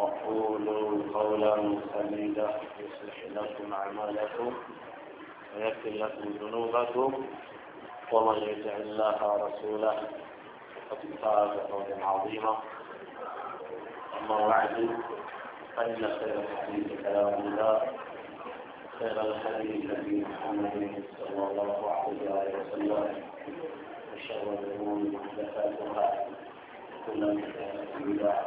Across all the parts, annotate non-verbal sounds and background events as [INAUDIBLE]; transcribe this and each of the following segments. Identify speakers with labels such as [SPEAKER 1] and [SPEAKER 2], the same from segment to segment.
[SPEAKER 1] وقولوا قولا سديدا يصلح لكم أعمالكم ويكفر لكم ذنوبكم ومن يطع الله ورسوله فقد فاز فوزا عظيما أما بعد فإن خير الحديث كلام الله خير الحديث في محمد صلى الله عليه وسلم وشر الأمور محدثاتها كل محدثة بدعة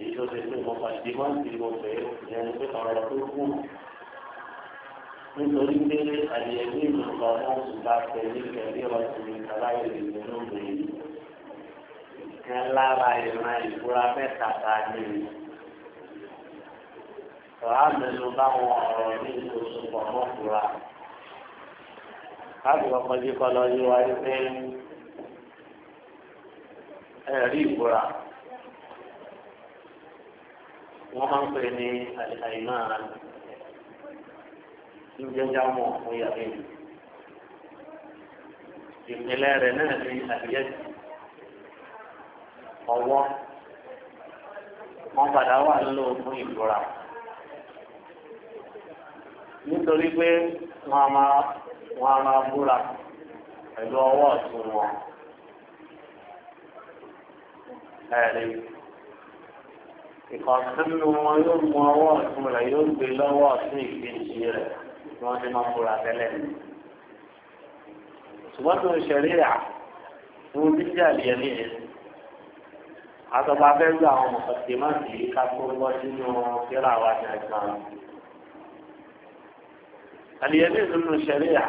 [SPEAKER 1] èyí tó ṣe pé mo pàṣẹ máa ń fi mo fẹ́ ìyẹn ni pé ọ̀rọ̀ tó kù nítorí pé àyè ní ìlúpa wọn kò bá fẹ́ ní kẹ̀lé ọ̀sìn ní kàláyé ìgbẹ́ lóde yìí kan lára ìran ìfura mẹ́ta ta ni ọ̀rá mẹ́nu báwọn ọ̀rọ̀ ní oṣù pọ̀ mọ́ fura káàbì ọkọ̀ jí kọ́ lọ wáyé pé ẹ̀rí ìfura wọ́n máa ń pè ní àìmáà tí ó jẹ́jà mọ̀ fún yàrá ìlú. ìpínlẹ̀ rẹ̀ náà ní àbíyẹ́sì ọwọ́ wọ́n padà wà lò fún ìgbòrà. nítorí pé wọ́n máa wọ́n máa búra pẹ̀lú ọwọ́ ọ̀tún wọn. ẹ̀rí ìkọ̀sínú wọn yóò mú ọwọ́ ọ̀tún rẹ̀ yóò gbé lọ́wọ́ ọ̀tún ìkejì rẹ̀ tí wọ́n ti máa fura tẹ́lẹ̀. ṣùgbọ́n tó ń ṣẹ̀rí rà fún bíjà lẹ́yìn yẹn àtọ́gbà fẹ́ gbé àwọn ọ̀sẹ̀ má sì í ká tó wọ́ sínú kíra wa ní ẹ̀sán. àlìyẹ́lẹ́ nínú ṣẹ̀rí rà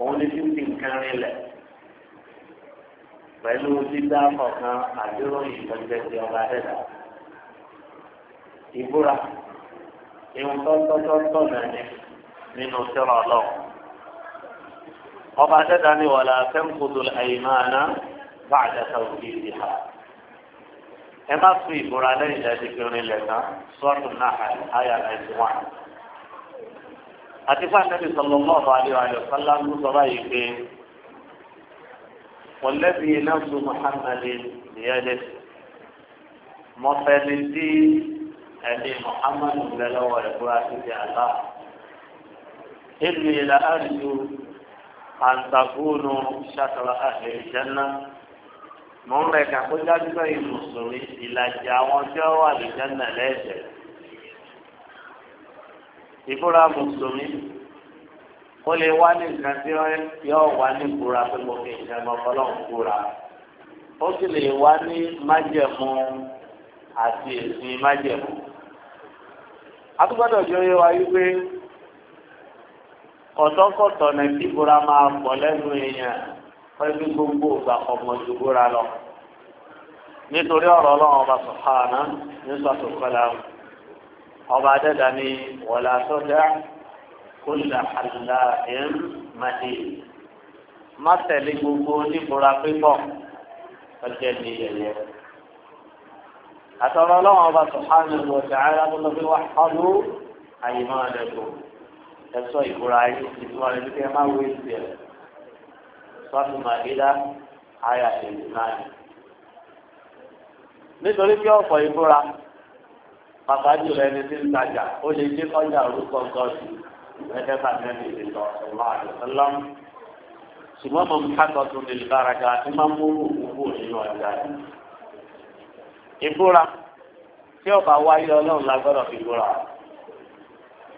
[SPEAKER 1] òun ní fífi nǹkan rinlẹ̀ pẹ̀lú dídá kọ̀ọ̀kan àdéhùn ìtọ́jẹ́ ìbúra ìwọ̀n tọ́tọ́tọ́tọ́ nàní nínú sẹ́rọ̀ ọlọ́run. ọba dẹ́ta ni wàlá fẹ́ǹkùtù àyìmáàná bá àdàtà òkè ìdìhà. ẹ má fi ìbúra lẹ́yìn ìdájí kiri lẹ́tàn sọ́ọ̀tù náà àyà náìjíríà wà. àti fún àtẹ́bí sọ̀rọ̀ mọ́ọ̀bù àdìwàlẹ̀ sọ́lá ń sọ báyìí pé wọ́lẹ́bí náà sọ muhammadin ìyẹ́lẹ́ mọ́fẹ́lẹ́ ẹni muhammad lọ́wọ́ ẹ̀kúrá títí àlá ìlú ilẹ̀ àrùjù àǹtàkùnù ṣàtàlá àhẹ ìjẹ́nà mọ̀ ń rẹ̀ kàkó dájúbọ̀ ìmùsùlùmí ìlàjì àwọn tí wọ́n wà lìjẹ́nà lẹ́sẹ̀ ìfúra mùsùlùmí ó lè wá ní nǹkan tí yóò wá ní kura pé mo fi ìjẹun ọlọ́run kura ó sì lè wá ní májẹ̀mú àti èsì májẹ̀mú atúgbọ́dọ̀ jọ yé wa wípé kọ̀tọ́kọ̀tọ̀ ní kí bóra máa pọ̀ lẹ́nu èèyàn pẹ̀lú gbogbo ìgbà ọmọ ju bóra lọ nítorí ọ̀rọ̀ ọlọ́run ọba sọ̀hánà ní sọ̀tòkọ́lá ọba adẹ́dà ni wọ̀lá sọ́jà kó lè àlá ẹ̀ máa má tẹ̀lé àtọ̀rọ̀ ọlọ́run ọba sọ̀hánù ìwọ̀sẹ̀ ara tó lọ fi wá ọdún àyè máa lẹ́kọ̀ọ́ ẹ̀sọ́ ìbúra yìí ìtura rẹ̀ ní kí ẹ má wé sí ẹ̀ sọ́tù màdídá ayà èyí náà. nítorí pé ọ̀pọ̀ ìbúra bàbá jùlọ ẹni tí ń tajà ó lè dé kọjá orúkọ gọ́ọ̀sì ẹgbẹ́ tàbí ẹni ìdìtọ̀ ọ̀la àdìsọ́lọ́m ṣùgbọ́n mo ń kákọ̀ọ́ tó lè bára ga ẹ má mú òkú nínú ọjà yìí ìbúra tí ọba wáyé ọlọ́run lágbọ́dọ̀ fi búra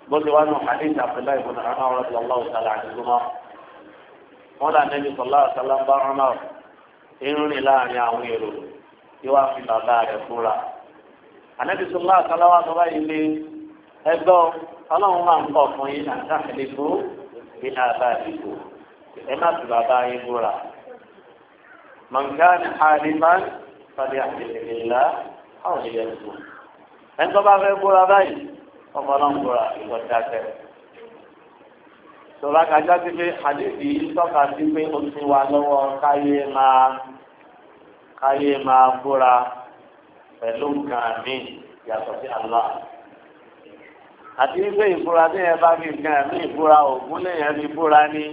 [SPEAKER 1] bó ti wá nù hadith abdullahi ibùdó ọmọ ọ̀rọ̀ ti ọlọ́run sálà àdúgbò mọ́ wọn là nẹ́bí sọlá sálà ń bá ọmọ irun rìn láàrin àwọn èrò tí wàá fi bàbá rẹ̀ búra ànẹ́bí sọlá sálà wà sọ báyìí lé ẹgbẹ́ ọlọ́run máa ń kọ̀ fún yín àtàkìlẹ̀ kú bí àbá àdìgbò ẹ má fi bàbá yín búra mọ̀ngánì àdìmán fàdé àtẹ̀lẹ́lá àwọn ìyẹn tó. ẹni tó bá fẹ́ búra báyìí ọmọ náà ń búra ìwọ́dà tẹ̀. sọlá kájá sí pé àdébì tọ́ka sí pé ó ti wà lọ́wọ́ káyé máa káyé máa búra pẹ̀lú nǹkan mi yàtọ̀ sí Allah àti wípé ìbúra tí yẹn bá fi gan ẹ̀mí ìbúra ògún lèyẹn fi búra ní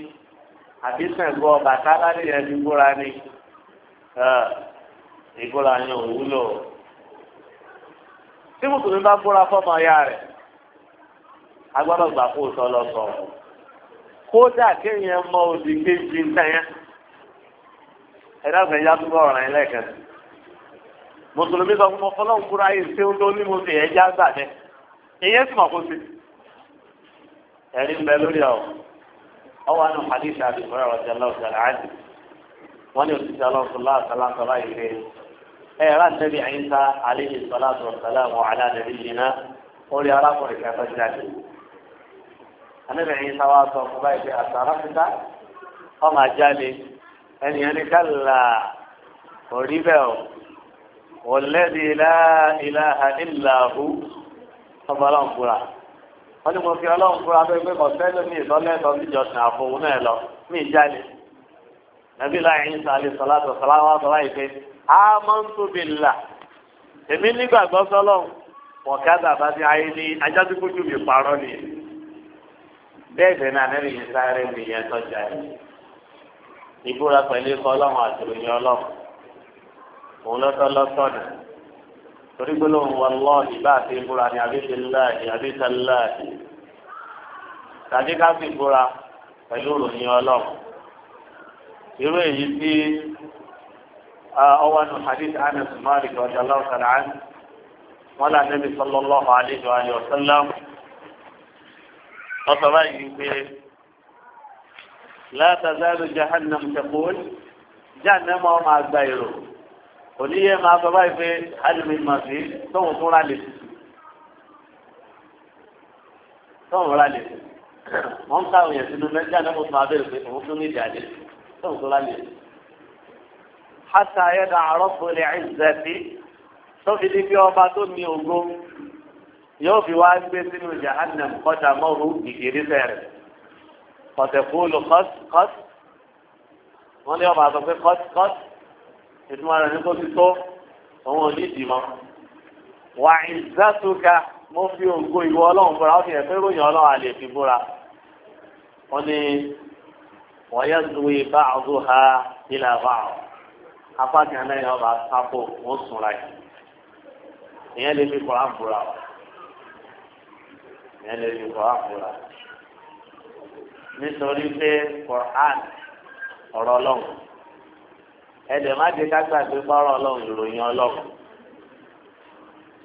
[SPEAKER 1] àbí sẹ̀gbọ́ bàtálá lèyẹn fi búra ní ìbúra yẹn ò ụlọ? tí mùsùlùmí bá búra fọmọ ya rẹ̀ agbọ́dọ̀ gbà kó sọ lọ kódà kéèyàn mọ òdì ya túbọ̀ ọ̀ràn yẹn lẹ́ẹ̀kan mùsùlùmí sọ fún ọfọlọ́hún kúrò ayé ṣé gbà dẹ ìyẹn sì kó sí ẹ̀rí ń bẹ lórí ọwọ́ hadith ìfọ̀rọ̀ wọ́n ní òṣìṣẹ́ ẹ̀rọ àtẹ́bí àyíká àlejò sọlá tó sọlá wọn aládẹ́bí yìí náà ó rí arákùnrin kẹfẹ́ jáde. àlejò àyíká wa sọ fún báyìí pé àtàrà fúta ọmọ àjáde ẹni ẹni kálá orí bẹ́ẹ̀ o wọ̀lẹ́dì ìlàhà ìlàhù ọba ọlọ́run fúra wọ́n ní mo fi ọlọ́run fúra pé pé kọ̀ọ̀tẹ́ ló ní ìsọ́lẹ́tọ̀ níjọsìn àfọwọ́ náà lọ mí jáde nàbí láyé ń sàlẹ̀ sọlá tó sọlá wa sọ láì pé amọ́ntòbìlà èmi nígbàgbọ́ sọ́lọ́ wọ̀kadà bá ti ayé ní ajásíkójú mi parọ́ ni bẹ́ẹ̀ bẹ́ẹ̀ náà nẹ́rì yìí sáré mi yẹn tọ́jà yìí ìbúra pẹ̀lú ikọ̀ ọlọ́run àti òyìn ọlọ́run òun lọ́tọ́ lọ́tọ́nà torí gbólóhùn wọn lọ́ọ̀dì bá àti ìbúra ni àbíṣe láàdì àbíṣe láàdì tàbí ká sì búra pẹ̀lú òyìn ọlọ́run irú èyí tí ọwọ́ nù hadith anas malik radiyallahu ta'ala anhu wọn là nabi sallallahu alayhi wa sallam wọ́n sọ báyìí pé la tazalu jahannam taqul jahannam wọn máa gba èrò oníyẹ máa sọ báyìí pé alimi màsí tóun tún rà lè tóun rà lè wọn káwọn yẹn sínú mẹ́jọ náà mo tún abẹ́rẹ́ pé òun tún ní ìdí àdé tóun tún rà lè sí hátà ayẹ́dà àrọ́pọ̀lẹ̀ ìzẹ̀tì tó fi di bí ọba tó ní ògo yóò fi wá gbé sínú jahannam kọjá mọ́rú ìgbèrè fẹ́rẹ̀ kọ̀tẹ̀kúlù kọ́s wọ́n ní ọba àtọ̀ pé kọ́s kọ́s ìtumọ̀ rẹ̀ ní kó ti tó òun ò ní ìdìmọ̀ wà ìzátúkà mo fi ògo ìwọ ọlọ́run búra ó fi hàn ròyìn ọlọ́run àlè fi búra wọ́n ní wọ́n yẹ́ zuwe báàdù ha ìlà báàdù apá kan náà yẹn ọba sápò wọn sunra yìí ìyẹn lè fi kọ́ra búra o ìyẹn lè fi kọ́ra búra nítorí pé Quran ọ̀rọ̀ ọlọ́run ẹ̀dẹ̀ má dé kágbà pé bọ́rọ̀ ọlọ́run ìròyìn ọlọ́run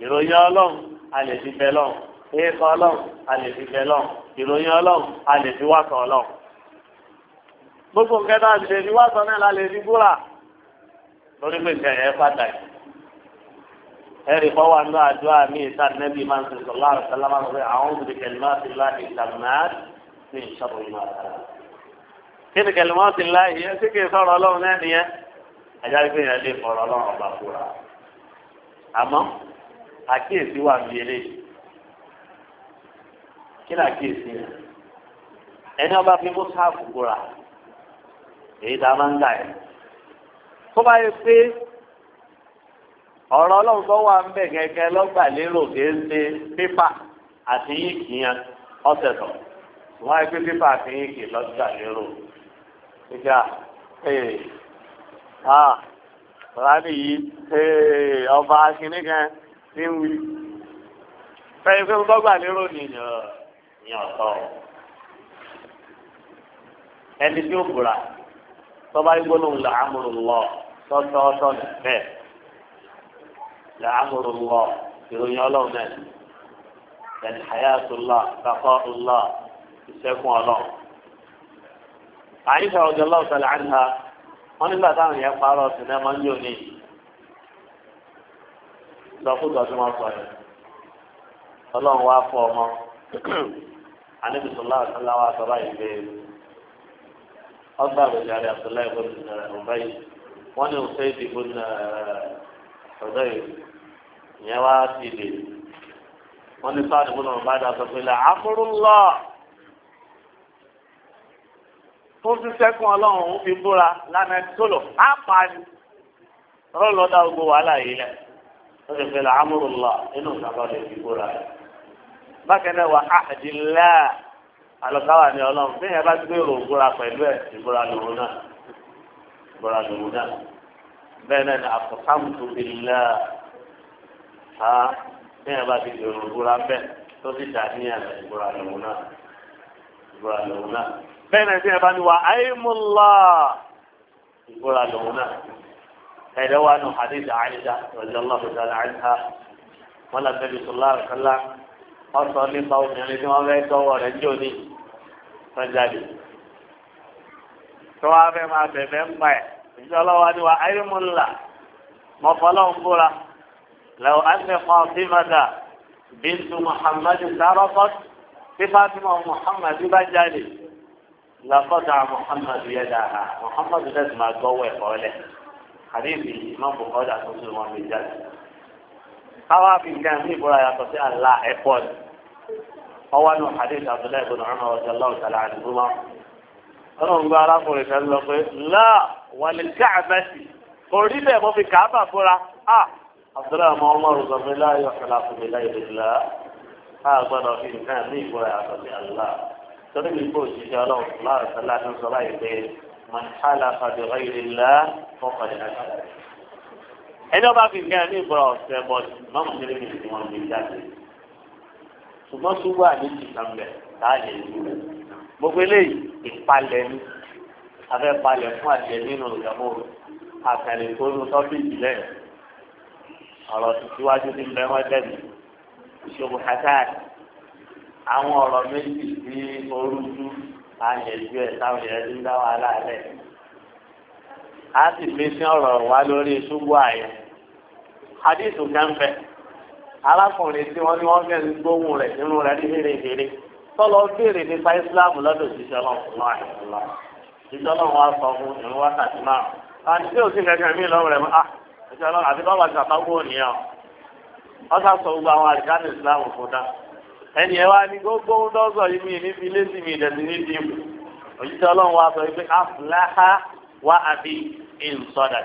[SPEAKER 1] ìròyìn ọlọ́run a lè fi bẹ lọ́run èèkọ̀ ọlọ́run a lè fi bẹ lọ́run ìròyìn ọlọ́run a lè fi wákọ̀ ọlọ́run gbogbo nǹkan náà ti lè fi wákọ̀ náà la lè fi búra lórí pé nǹkan ẹ̀ pàtàkì ẹ̀rì fọwọ́ àná àdúrà mi ìta nẹ́bí máa ń sọ̀rọ̀ láàrọ̀ sálámà pé àwọn obìnrin kẹlẹ́mà ti lá ìtàmà ní ìṣòro ìmọ̀ àtàrà. kí ni kẹlẹ́mà ti lá ìyẹn sí kì í sọ̀rọ̀ ọlọ́run náà nìyẹn ajá pé yẹn lè fọ̀rọ̀ ọlọ́run ọba fúra. àmọ́ àkíyèsí wà ní eléyìí kí ni àkíyèsí yẹn ẹni ọba fi mú sáàfù kúra èyí tá a máa ń gbà yẹn tó bá yẹ pé ọ̀rọ̀ ọlọ́run tó wà ń bẹ̀ gẹ́gẹ́ lọ́gbà lérò kéde pépà àti yíkì yẹn ọ̀sẹ̀ tọ̀ wọ́n yẹ pé pépà àti yíkì lọ́gbà lérò ìjà ee ha rani yìí ee ọba akínní kan ní wí fẹ́ẹ́ fẹ́ lọ́gbà lérò ni ìyẹn ọ̀tọ̀ ẹni tí ó bùra tọ́ba igbó lòun là á múlò lọ́ọ̀. tọ́tọ́ tọ́lẹ̀ bẹ́ẹ̀ làámúrú lọ ìròyìn ọlọ́run náà ẹni hayatullah kakọ́ọ̀lá ìṣẹ́kùn ọlọ́run. àyíṣà ọjọ́ lọ́wọ́ sọ̀rọ̀ àdìhà wọ́n nígbà táwọn yẹn parọ́ ní òní sọ yẹn ọlọ́run wá fọ ọmọ anibisola asalawa ọgbà wọ́n ní òfé ìdìbò eh, ọ̀dọ́ yìí ìyẹn wá sí ilé wọ́n ní sáà nìbọn náà bá dà sọ pé là ámúrú lọ fún sísẹ́kùn ọlọ́run òun fi búra lánàá tó lọ á pa ni ọlọ́run lọ́dá gbogbo wàhálà yìí lẹ̀ wọ́n ti fi là ámúrú lọ inú ìsàlọ́ fi búra rẹ̀ bákan náà wà áhàdìlá àlọ́káwà ni ọlọ́run bí yẹn bá gbé òògùn ra pẹ̀lú ẹ̀ ìbúra lòun náà ìbúra lòun náà bẹ́ẹ̀ náà ni àfọ̀sáǹtò ìlà ha bẹ́ẹ̀ bá ti dèrò ìbúra bẹ́ẹ̀ tó ti dà ní àná ìbúra lòun náà ìbúra lòun náà bẹ́ẹ̀ náà bẹ́ẹ̀ bá ní wa àìmúlá ìbúra lòun náà ẹ̀rẹ́ wa nù hadith àìsà rọ̀jọ́ lọ́kùnrin àti àìsà wọn làbẹ́bí sọlá àkàlà wọn sọ nípa obìnrin tí wọ́n fẹ́ tọwọ́ rẹ̀ jóni wọ́n jáde tó wá fẹ́ máa bẹ̀bẹ̀ ń pa ẹ̀ ìjọ ọlọ́wọ́ ni wà ayé mu ńlá mọ fọlọ́n búra lẹ́wọ̀ bintu Muhammad sárọ́fọ́t tí Fatima Muhammad bá jáde lọ́kọ́ta Muhammad yẹ dára Muhammad dẹ́sí máa gbọ́wọ́ ẹ̀kọ́ lẹ̀ àdébì ìmọ̀ bùkọ́dà tó tún wọn lè jáde. káwá fi nǹkan ní ìbúra yàtọ̀ sí àlá ẹ̀pọ̀ ọwọ́ nù àdébì Abdullahi ibn Umar radiyallahu ta'ala anhuma ọlọ́run gba arákùnrin kan lọ pé láà wàlẹ̀ káàbà sí orí bẹ́ẹ̀ mo fi kàábà fúnra à àbúrò àmọ́ ọmọ rògbò mi láàyò ọ̀kàlà fún mi láyò lẹ́la á gbọ́dọ̀ fi nǹkan ní ìgbọ́ra àtọ̀lẹ̀ àlá torí mi kò jíjẹ ọlọ́run láàrín sọlá tó sọ láì pé mọ̀nìkálà fàdúrà ìrìnlá fọ́kànlẹ̀ àgbà ẹni ọba fi nǹkan ní ìbúra ọ̀sẹ̀ bọ̀ ṣùgbọ́n ṣùgbọ́n àdéjì kan láàyè ìlú gbogbo eléyìí ìpalẹ̀ ni afẹ́ palẹ̀ fún àjẹ nínú ìyàwó àtàlẹ̀ tó nu tọ́pìkì lẹ́yìn ọ̀rọ̀ tìtìwájú ní mẹ́wọ́n dẹ́bi ìṣòwò hasan àwọn ọ̀rọ̀ méjì sí orúkú àyẹ̀jú ẹ̀ táwọn yẹn ti ń dá wàhálà lẹ̀ á sì fi sí ọ̀rọ̀ wá lórí ṣubú àyẹ̀ hadith kẹ́ńfẹ́ alákùnrin tí wọ́n ní wọ́n fẹ́ gbóhùn rẹ̀ nínú rẹ̀ ní fèrèfèrè tọ́lọ béèrè nípa ìsìláàmù lọ́dọ̀ ìṣiṣẹ́ ọlọ́run ìṣiṣẹ́ ọlọ́run wa sọ fún ìrún wákàtí máa àti tí òsì kẹ̀kẹ́ mi lọ́wọ́ rẹ̀ ah ìṣiṣẹ́ ọlọ́run àti báwa ti àpá wò nìyẹn ọ sá sọ gbogbo àwọn àdìgánì ìsìláàmù fún dá ẹnì ẹ wá ní gbogbo ohun dọ́sọ̀ yìí mi níbi ilé sí mi ìdẹ̀sí ní dìbò òṣìṣẹ́ ọlọ́run wa sọ pé afúláhá ah, wá àbí ìǹsọ̀dà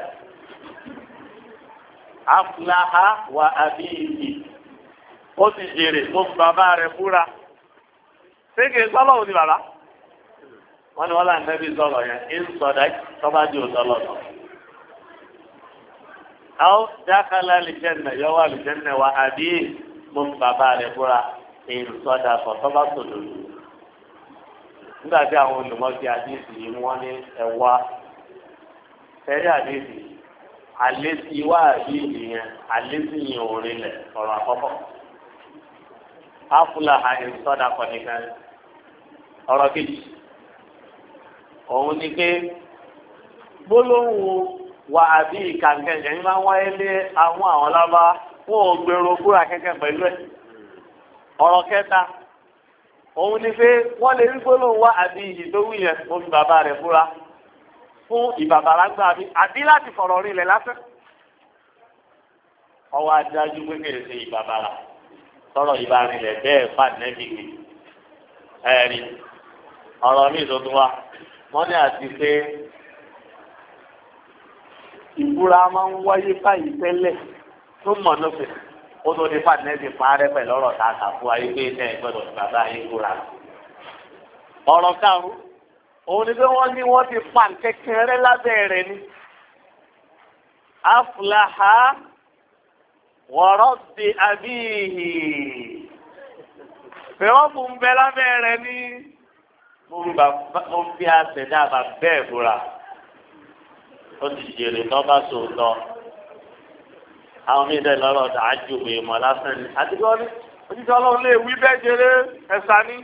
[SPEAKER 1] afúláhá ah, wá àbí ìyì ó sì jèrè fún bàbá rẹ̀ fúra sége sọ́lọ̀ òní bàbá wọ́n ní wọ́n là ń nẹ́bí sọ̀rọ̀ yẹn ń sọ̀dá tọ́ba di òtọ́lọ̀ lọ. àwọn dákàlà lìjẹ́nà yọ wà lìjẹ́nà wà àbí mo ń bàbá rẹ̀ búra ń sọ̀dá fọ̀ tọ́ba sọ̀dọ̀ lù. nígbà tí àwọn olùmọ̀ọ́sí àdéhùn yìí wọ́n ní ẹ̀wà fẹ́rẹ́ àdéhùn alẹ́ sí wá àdéhùn yẹn alẹ́ sí yẹn òrin ọ̀rọ̀ àkọ́kọ́. afúlàhà ń sọ̀dá kọ́ nìkan ọ̀rọ̀ kejì òun ni pé gbólóhùn wà àbí ìkàǹkẹ̀kẹ̀ ní máa ń wáyé lé àwọn àwọn lábá fún ògbèrò búra kẹ́kẹ́ pẹ̀lú ẹ̀ ọ̀rọ̀ kẹta òun ni pé wọ́n lè rí gbólóhùn wá àbí iyì tó wù yẹn mo fi bàbá rẹ̀ búra fún ìbàbàlágbà mi àbí láti fọ̀rọ̀ rinlẹ̀ lásán ọwọ́ adájú pé kèrè ṣe ìbàbàrà sọ̀rọ̀ ìbárinlẹ̀ bẹ́ẹ̀ fà nẹ́bìkì ẹ̀rí ọ̀rọ̀ mi tuntun wa wọ́n ní àti pé ìbúra máa ń wáyé báyìí tẹ́lẹ̀ tó mọ̀ lófin ó tó ní fàtẹ́ẹ̀sì parẹ́ pẹ̀lú ọ̀rọ̀ tá a kà fún ayé pé ẹ̀ gbọ́dọ̀ bàbá yín búra. ọ̀rọ̀ karùn-ún òun ni pé wọ́n ní wọ́n ti pa kẹkẹrẹ lábẹ́ rẹ̀ ni. afúláhà wọ̀rọ̀ di abíyì. pé wọ́n mú un bẹ lábẹ́ rẹ̀ ni mo fi àṣẹdá bá bẹ́ẹ̀ búra ó ti jèrè lọ́ba sòótọ́ àwọn míì dẹ̀ lọ́rọ̀ dájú ìmọ̀ lásán ni àti kí wọ́n ní òjijì ọlọ́run lè wí bẹ́ẹ̀ jèrè ẹ̀sà ní.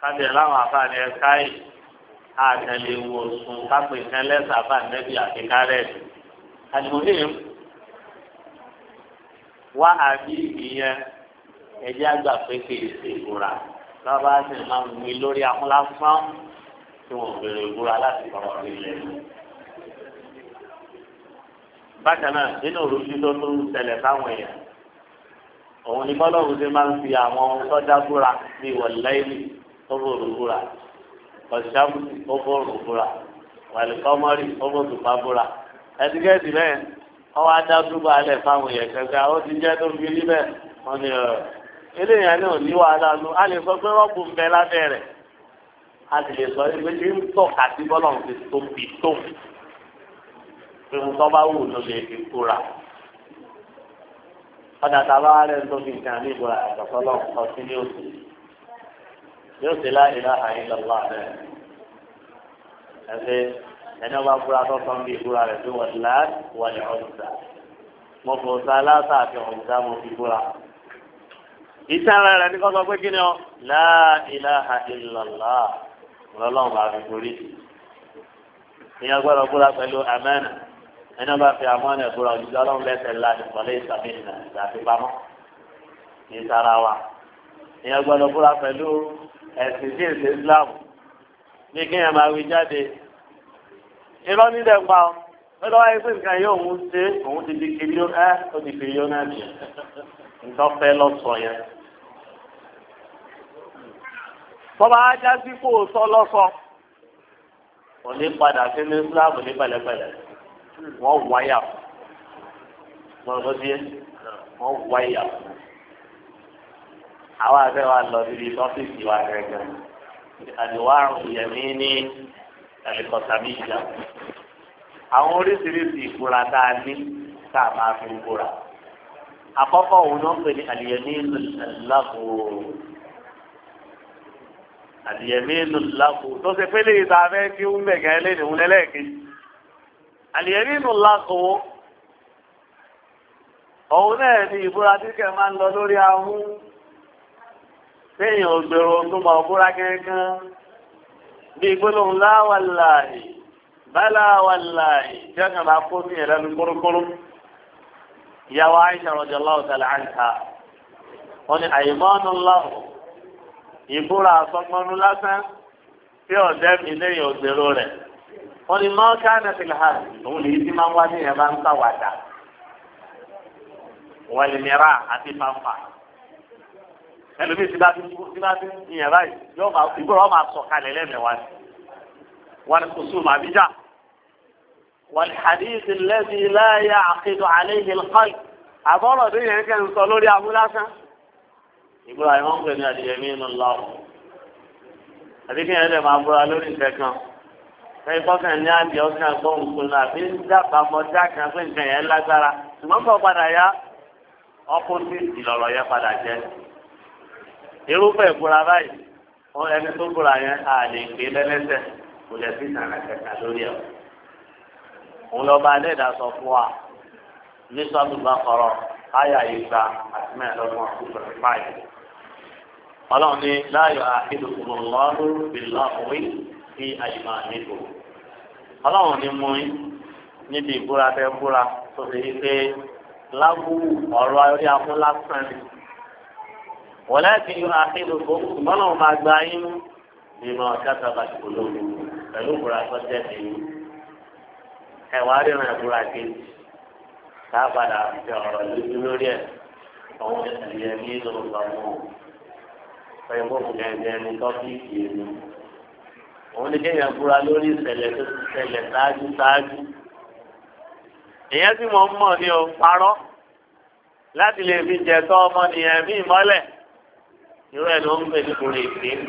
[SPEAKER 1] kábíyà láwọn àfààní ẹ̀ka yìí àtẹlẹ wo sùn kápẹ́ ìkẹ́lẹ́sà bá nẹ́bí àti kárẹ́ẹ̀tì àdìmọ́lẹ́yìn wá àbí ìyẹn ẹ̀jẹ̀ àgbà pé kì í ṣe ìbúra bàbá sì máa ń wí lórí akúnlásán tí wọn bèrè ìwúra láti kọ̀ọ̀rọ̀ sí ilẹ̀ yìí. bákan náà nínú òrùsí tó tún ṣẹlẹ̀ sáwọn èèyàn òun ni bọ́lọ́hùn ṣe máa ń fi àwọn sọ́jà búra bíi wọ̀lẹ́ẹ̀lì tó bòrò búra ọ̀ṣàmù tó bòrò búra wàlùkọ́mọ́rì tó bòrò bá búra ẹtikẹ́tì bẹ́ẹ̀ ọwọ́ adá dúró alẹ̀ fáwọn èèyàn kẹta ó ti eléyìí àná ò ní wàhálà nu a lè sọ pé rọ́ọ̀bù ń bẹ lábẹ́ rẹ̀ a sì lè sọ pé ṣé ń tọ̀ àti bọ́lá òun ti tóbi tó pé mo tọ́ bá wù ló lè fi kúra ọ̀dà tàbá rẹ̀ ń tóbi nǹkan ní ìbúra àtọ̀kọ́ náà kọ́ sí ní òsì yóò ṣe láì ra àyè lọ́wọ́ rẹ̀ ẹ̀fẹ́ ẹni ọba búra tó sọ ń bí ìbúra rẹ̀ pé wọ́n láti wọ́n ní ọ̀dà mo fò sá látà àti ọ̀dà mo fi búra ìtara rẹ̀ ní kọ́kọ́ pé kí ni ọ la ilaha illallah lọ́lọ́run bá fi torí ìyẹn gbọ́dọ̀ búra pẹ̀lú amẹ́nà ẹni bá fi amọ́nà ìbúra òjijì ọlọ́run lẹ́sẹ̀ ńlá ìfọ̀lẹ́ ìsàmìnà ìsàfipamọ́ ìtara wa ìyẹn gbọ́dọ̀ búra pẹ̀lú ẹ̀sìn sí èsì Islam ní kí ẹ máa wí jáde irọ́ nílẹ̀ pa ọ́ lọ́dọ̀ wáyé pé nǹkan yóò mú ṣe òun ti di kiri ẹ́ ó ti kiri yóò náà nìyẹn nǹkan fẹ́ lọ́sọ̀ yẹn tọ́ba ajá sí kò sọ lọ́sọ kò ní padà sí ní islam ní pẹ̀lẹ́pẹ̀lẹ́ wọ́n wáyà wọ́n lọ sí wọ́n wáyà àwọn afẹ́wà lọ síbi ọ́fíìsì wa gẹ́gẹ́ àdìwárùn yẹ̀mí ní ẹ̀lẹ́kọ̀tàmí ìjà àwọn oríṣiríṣi ìkura tá a ní tá a máa fi ń kura àkọ́kọ́ òun náà pè ní àlìyẹ̀mí lọ́gùn àlìyẹ̀mínú lákò tó ṣe pé léyìí tá a fẹ́ kí ń bẹ̀gẹ́ ẹlẹ́ni òun lẹ́lẹ́kejì àlìyẹ̀mínú lákò òun náà ni ìbúra tí kẹ máa ń lọ lórí ahun téèyàn ògbèrò tó máa búra kankan bí gbólóhùn láwàláì báláwàláì tí wọn kàn máa kó sí yẹn lẹ́nu kórókóró ìyàwó àìsàn rọjò aláwọ tàlẹ àìsàn wọn ni àyèmọ́nù láwọ ìbúra àsọgbọnú lásán tí ọ̀dẹ́ mi lẹ́yìn òṣèrò rẹ̀ wọ́n ní mọ́ọ́ká nẹ́tìlá òun lè ti máa ń wá ní ẹ̀ bá ń sàwádà wàlìmírà àti fanfa ẹlòmíì tí bá ti tí bá ti ń yẹn báyìí yóò máa ìgbọ́ra wọn máa sọ kalẹ̀ lẹ́mẹ̀wá ni wọn kò sùn máa bí jà wọn hadith lẹ́bi láyà àkìdọ̀ àlẹ́ yìí lọ́kọ́ yìí àbọ̀rọ̀ ní yẹn kẹ́ ń sọ lórí abúlásán ìbúra yìí wọ́n ń pè ní adìyẹ mímu lọ́wọ́ àti kí ẹ̀rẹ́ máa búra lórí nǹkan kan fẹ́ẹ́ gbọ́kàn ní àdìẹ ọ̀sán gbọ́n kùn náà fi ń dábàá mọ́jà kan pé nǹkan yẹn lágbára ṣùgbọ́n kọ́ padà yá ọkùnrin ìlọ̀rọ̀ yẹn padà jẹ́ irúfẹ́ ìbúra báyìí wọ́n ẹni tó búra yẹn a lè gbé lẹ́lẹ́sẹ̀ kò lè fi nàrà kẹta lórí ẹ̀ òun lọ́ba bá kọ̀rọ̀ áyà ìgbà àti mẹ́ẹ̀ẹ́dọ́gbọ̀n kúkúrú báyìí ọlọ́run ní láàyò àhídò ọlọ́run bìlá òwe sí àyùmá nípò ọlọ́run ní mú níbi ìbúra tẹ búra tó fi yí pé láwù ọ̀rọ̀ orí afún lásán ni wọ́n láti yọ àhídò ṣùgbọ́n náà máa gba yín mímọ́ kátà bàtì olóògùn pẹ̀lú ìbúra tó jẹ́ tèmi ẹ̀wà ríran ìbúra kejì ká padà fi ọ̀rọ̀ lójú lórí ẹ̀ ọ̀hún ẹ̀yẹ ní ìlú ọ̀gbọ̀n fẹ́ẹ́ mú ẹ̀ẹ́dẹ́ ẹni tọ́pìkì ẹni. òun ni kéèyàn búra lórí ìṣẹ̀lẹ̀ tó ti ṣẹlẹ̀ ṣáájú ṣáájú. ìyẹn tí mo ń mọ̀ ní o parọ́ láti lè fi jẹ̀tọ́ ọmọnìyàn mí mọ́lẹ̀ irú ẹ̀ ló ń pè nítorí ìpín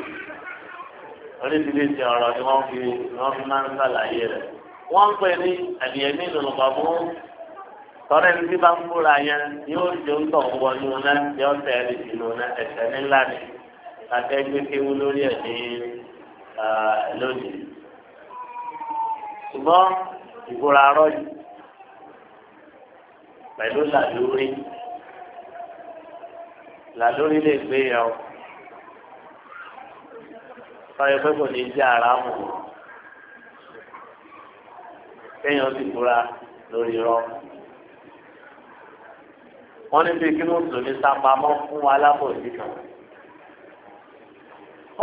[SPEAKER 1] oríṣiríṣi ọ̀rọ̀ ni wọ́n fi wọ́n fi máa ń ṣàlàyé rẹ̀ wọ́n ń pè ní ẹ̀dìyẹ̀mí ìlùmọ̀gbà fún tọ́lẹ̀ ní bí bá ń búra yẹn yóò jẹun tọ̀ wọnú nínú náà ẹ̀ṣẹ̀ ńlá ni kàtẹ́gbé kéwú lórí ẹ̀ ní lónìí. ṣùgbọ́n ìbúra arọ́ yìí pẹ̀lú làlórí làlórí lè gbé yẹn o sọ́yìn pé kò ní jẹ́ ara mọ̀ kéèyàn sì búra lórí rọ wọ́n ní bí kí ló ń tò ní sápamọ́ fún alábòsí kan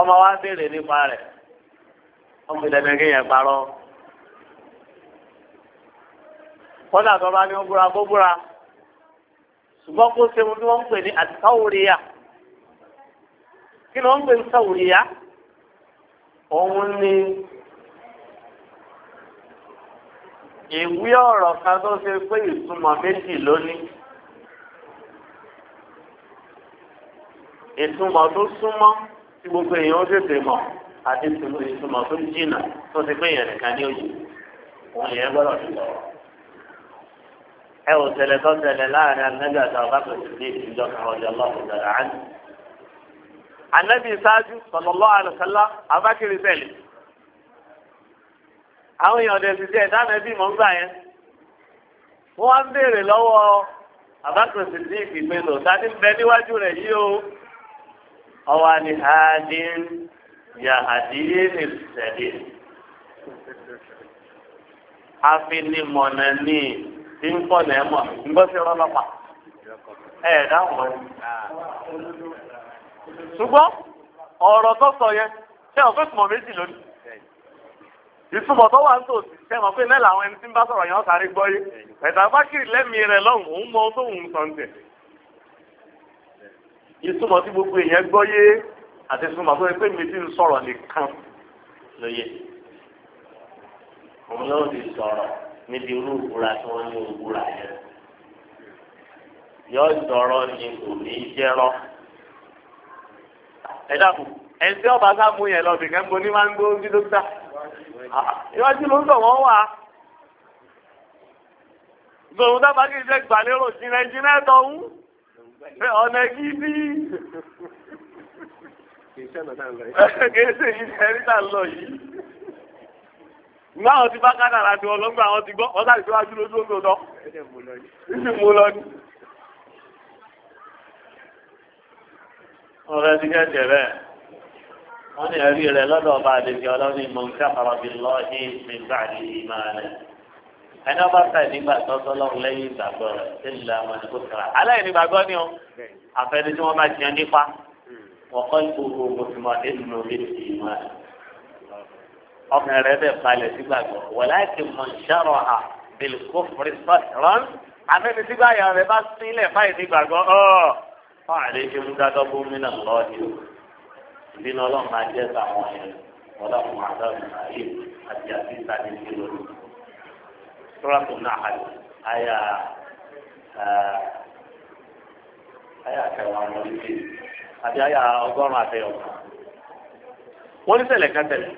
[SPEAKER 1] ọmọ wa béèrè nípa rẹ̀ ọmọ ìdẹ́nẹ́ kéèyàn parọ́. kọ́dà tó bá ní ó búra kó búra ṣùgbọ́n kó ṣe wọn tí wọ́n ń pè ní àtàwòrìyà kí ni wọ́n ń pè ní àtàwòrìyà òun ni ìwé ọ̀rọ̀ kan tó ṣe pé ìtumọ̀ méjì lónìí. ìtumọ̀ tó súnmọ́ tí gbogbo èèyàn ó tètè mọ̀ àti tòló ìtumọ̀ tó jìnnà tó ti pé èèyàn nìkan ní òye òun yẹn gbọ́dọ̀ ti lọ. ẹ ò tẹ̀lé tó tẹ̀lé láàrin anábì àti ọba pẹ̀lú ní ìjọ kan ọjọ́ ọlọ́run dàrá á ní. anábì ṣáájú sọlọ́lọ́ àlùkálá abákiri tẹ̀lé. àwọn èèyàn ọ̀dẹ̀ ti jẹ́ ìdánábì mọ̀ ń gbà yẹn. wọ́n wá ń béèrè lọ́wọ́ àbákiri tẹ̀lé ìpínlẹ̀ Ọwa ni hadin e ìṣẹ̀lẹ̀ afinimọ̀nà ní tí ń pọ̀ náà mọ̀ ńgbọ́ sí ọlọ́pàá ẹ̀ dáhùn ṣùgbọ́n ọ̀rọ̀ tó sọ yẹn ṣé o fẹ́ sùmọ̀ méjì lónìí ìtumọ̀ tó wà ń tò àwọn ẹni tí ń bá sọ̀rọ̀ yẹn ọ̀sán rí gbọ́ yé ẹ̀dá lẹ́mìí rẹ̀ lọ́hùn-ún ìtumọ̀ tí gbogbo èèyàn gbọ́ yé àti ìtumọ̀ tó yẹ pé mi ti ń sọ̀rọ̀ nìkan lóye òun náà ti sọ̀rọ̀ níbi irú òwúra tí wọ́n ní òwúra yẹn yọ ìdọ̀rọ̀ ni kò ní í jẹ́rọ́ ẹ dàpọ̀ ẹ̀sẹ̀ ọba sáàmù yẹn lọ́ọ̀bì kan bo ní máa ń gbó bí dókítà ìwájú ló ń sọ wọ́n wà á gbòòrùn dábàá kì í ṣe gbàlérò jìnnà jìnnà ẹ̀tọ́ ń ọ̀nà gidi kìí ṣe ìṣẹ́rí tà ń lọ yìí. Nígbà wọn ti bá kádàrà tí wọn lọ́gbà wọn ti gbọ́, wọ́n sáré síwájú lójú oṣù lọ. Ṣé mo lọ ni? Ọ̀rẹ́ ti kẹ́kẹ́ rẹ̀. Wọ́n ní ẹ̀rí rẹ̀ lọ́dọ̀ ọba àdèjì ọlọ́run ìmọ̀ nǹkan àbàbí lọ́ọ́ ní ìgbà àdèjì máa rẹ̀ ẹni ọba sáì nígbà tọ́tọ́ lọ́hùn lẹ́yìn ìgbàgbọ́ rẹ̀ ẹ̀là mọ̀lẹ́kọ́ sara aláìní ìgbàgbọ́ ni ó àfẹ́ni tí wọ́n bá jẹun nípa wọ́kọ́ ìgbòho mọ̀tìmọ̀ ẹ̀dùnú mi ti mọ̀ ẹ̀ ọkùnrin rẹ̀ bẹ̀ balẹ̀ sígbàgbọ́ wọ̀láìkì mọ̀ṣẹ́rọ̀ ha bìlìkó fúrísọ́ọ̀rọ̀n àfẹ́ni sígbà yà rẹ̀ bá sílẹ̀ fáì nígbàgbọ́ ọ̀ ọ̀ àlejò ń sọ́ràkùn náà hàn áyà áyà kẹwàá ọmọ níbi àti áyà ọgọ́rùn-ún àtẹyọ̀ wọ́n ní ṣẹlẹ̀ kan tẹ̀lé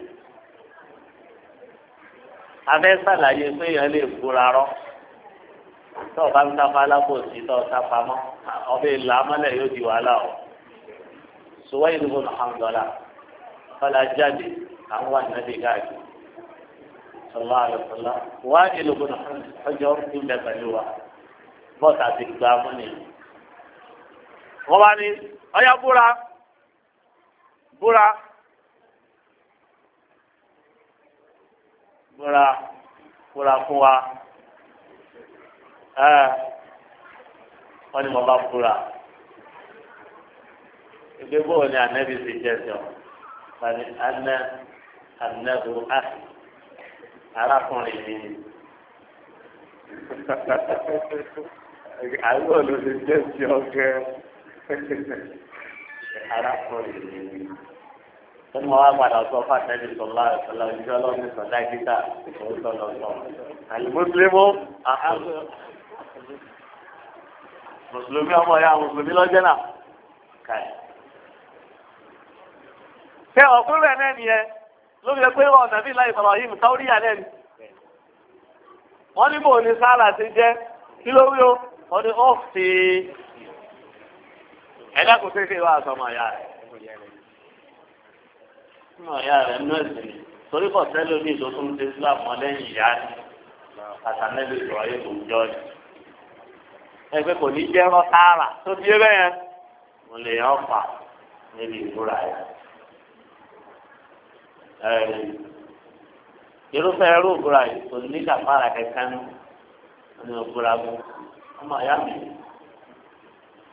[SPEAKER 1] abẹ́ sàlàyé pé èèyàn lè fura rọ́ tó o bá ń sáfa alábòsí tó o sáfa mọ́ ọbẹ̀ ìlà amọ́lẹ̀ yóò di wàhálà o sùwọ́n yìí ló sọlá àlùfọlá wá ìlúgbọn ọjọ́ ìlẹ pẹ̀lú wa bọ́ọ̀tà àti gbà mú ni. wọ́n bá ní ọyá búra búra búra búra fún wa wọ́n ní mo bá búra ìgbé bóòlù ni ànábì ti jẹ́ sọ wọ́n ní àná ànábì arákùnrin mi ni àwọn olùdíje ti ọgẹ arákùnrin mi ni sọ́nù wa padà sọ fàtẹ́lì sọ̀lá ìṣọ̀lá ìṣọ̀lá ọlọ́run sọ̀dá gíga ìṣọ̀lọ́sọ̀ àlùmọ́sílẹ́mù àhàbọ̀ mùsùlùmí ọmọ ya mùsùlùmí lọ́jẹ́ náà kàì. ṣé ọ̀kúnrẹ̀ náà nìyẹn ló pé ọ̀nà bí láì sọ̀rọ̀ yìí mùtáwórí yà lẹ́nu. wọ́n ní bò ní sáàlà ti jẹ́ kí ló wí o wọ́n ní ó fi kò tẹ́ fi wá aṣọ ọmọ ìyá rẹ̀. ọmọ ìyá rẹ̀ nú ẹ̀sìn torí kò sẹ́lẹ̀ ní ìlú ń ṣe islam wọn lẹ́yìn ìyá ni àtàlẹ́lẹ́ ìṣòro ayé kò ń jọ ni. ẹgbẹ́ kò ní jẹ́ rọ́ sáàlà tó bí ẹ bẹ́yẹn mo lè yàn níbi ìbúra yẹn ẹ̀rí irúfẹ́ ẹrú òbúra yìí kò ní kàfàrà kankan ní òbúra mu ọmọ ìyá mi.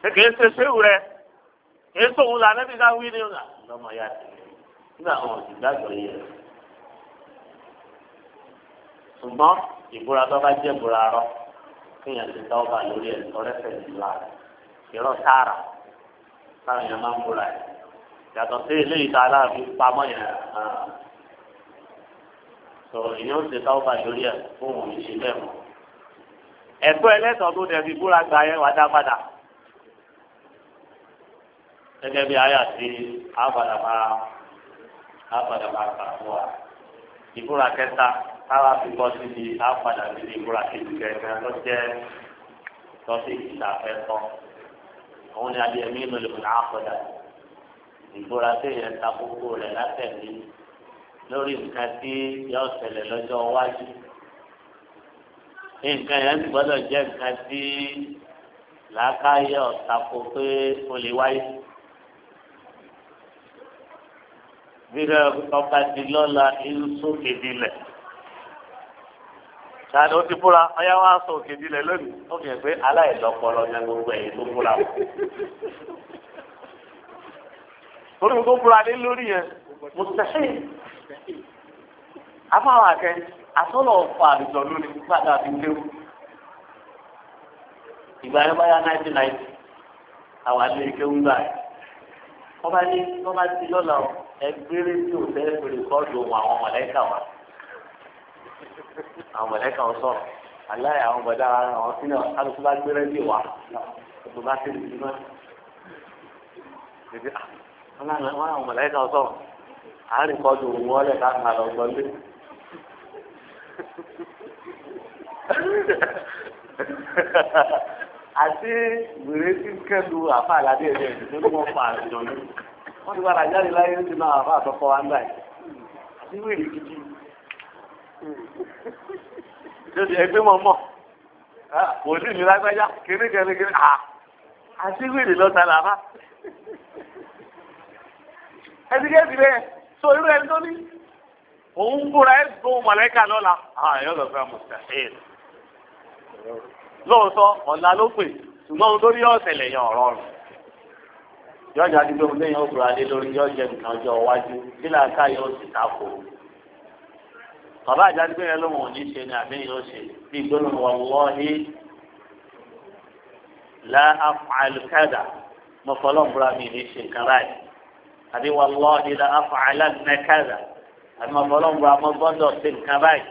[SPEAKER 1] kékeré ṣe ṣéwù rẹ èyí tó wù lànà bí ká wí ni ọ̀nà lọ́mọ ìyá mi nígbà wọn ti gbàgbọ́ yìí ṣùgbọ́n ìbúra tó bá jẹ́ ìbúra rọ kéèyàn ti dá ọba lórí ẹ̀ lọ́rẹ́fẹ̀ẹ́ ìlú rẹ̀ ìrọ̀ tààrà táwọn èèyàn máa ń búra yìí yàtọ̀ sí ilé ìta aláàfin pamọ́ yẹn tó ìyẹn ó ṣe táwọn lórí ẹ̀ fún òun ìṣe bẹ́ẹ̀ mọ́. ẹlẹ́tọ̀ tó dẹ̀ búra gba yẹn wá dá padà gẹ́gẹ́ bí ayé àti àbàdà máa àbàdà máa ìbúra kẹta káwá fi bọ́ síbi àbàdà síbi ìbúra kejì kẹta tó jẹ́ tọ́sí ìta ẹ̀kọ́ òun ni adìyẹ mi lò lè fún yìí ìgbóra téèyàn ta kókó rẹ̀ látẹ̀lé lórí nǹkan tí yóò ṣẹlẹ̀ lọ́jọ́ iwájú. nǹkan yẹn ti gbọ́dọ̀ jẹ́ nǹkan tí làákàyè ọ̀tako pé ó lè wáyé. bílẹ̀ ọba ti lọ́la irú sókè dilẹ̀. Ṣáàdì ó ti búra ọyá wa sọ òkè dilẹ̀ lónìí. Ó fi hàn pé aláìlọ́pọlọ ni gbogbo ẹ̀yìn tó búra. torí mo tó búra lé lórí yẹn mo sẹ́yìn afáwọn akẹ asọ́lọ̀ ọ̀fọ̀ àlùjọ lónìí nípa dàbí léwu ìgbà yẹn bá yá náìtì náìtì àwọn àlè kéwù gbà yẹn wọ́n bá ní wọ́n bá wa
[SPEAKER 2] àwọn mọ̀lẹ́kà wọn sọ̀rọ̀ aláì àwọn bọ̀dá àwọn sínú
[SPEAKER 1] wa gbogbo bá wọn àwọn mọ̀lẹ́kà ọ̀sọ̀ àárín kọjú òun wọlé káàkiri àlọ́ gbọ́lé. àti wèrè kẹ́lu àfa àlàdé rẹ̀ nínú wọn pa àjọ ní. wọ́n ti padà jáde láyé ní sinú àfa àtọkọ wa ń báyìí. àti wèrè gidi. lóde ẹgbẹ́ mọ̀ mọ̀ wòlíì ní lágbájá kéré kéré kéré àti wèrè lọ́ta làbá ẹtí kéèsì bẹ́ẹ̀ so irú ẹni tó ní òun búra ẹ gbóhùn mọ̀lẹ́kà lọ́la àyọ̀ ah, lọ fẹ́ mustahil lóòótọ́ ọ̀la ló pè ṣùgbọ́n ohun tó rí ọ̀sẹ̀lẹ̀ yẹn ọ̀rọ̀ rẹ̀ yọjà dídó ohun lẹ́yìn òbúra lé lórí yọjẹ nǹkan ọjọ́ iwájú nílà ká yóò sì tako bàbá àjáde bẹ́ẹ̀ lóhùn òní ṣe ni àbẹ́yìn yóò ṣe bí gbólóhùn wallahi àbí wallahi la af'alanna kaza àmọ́ ọlọ́run àmọ́ gbọ́dọ̀ sí nǹkan báyìí.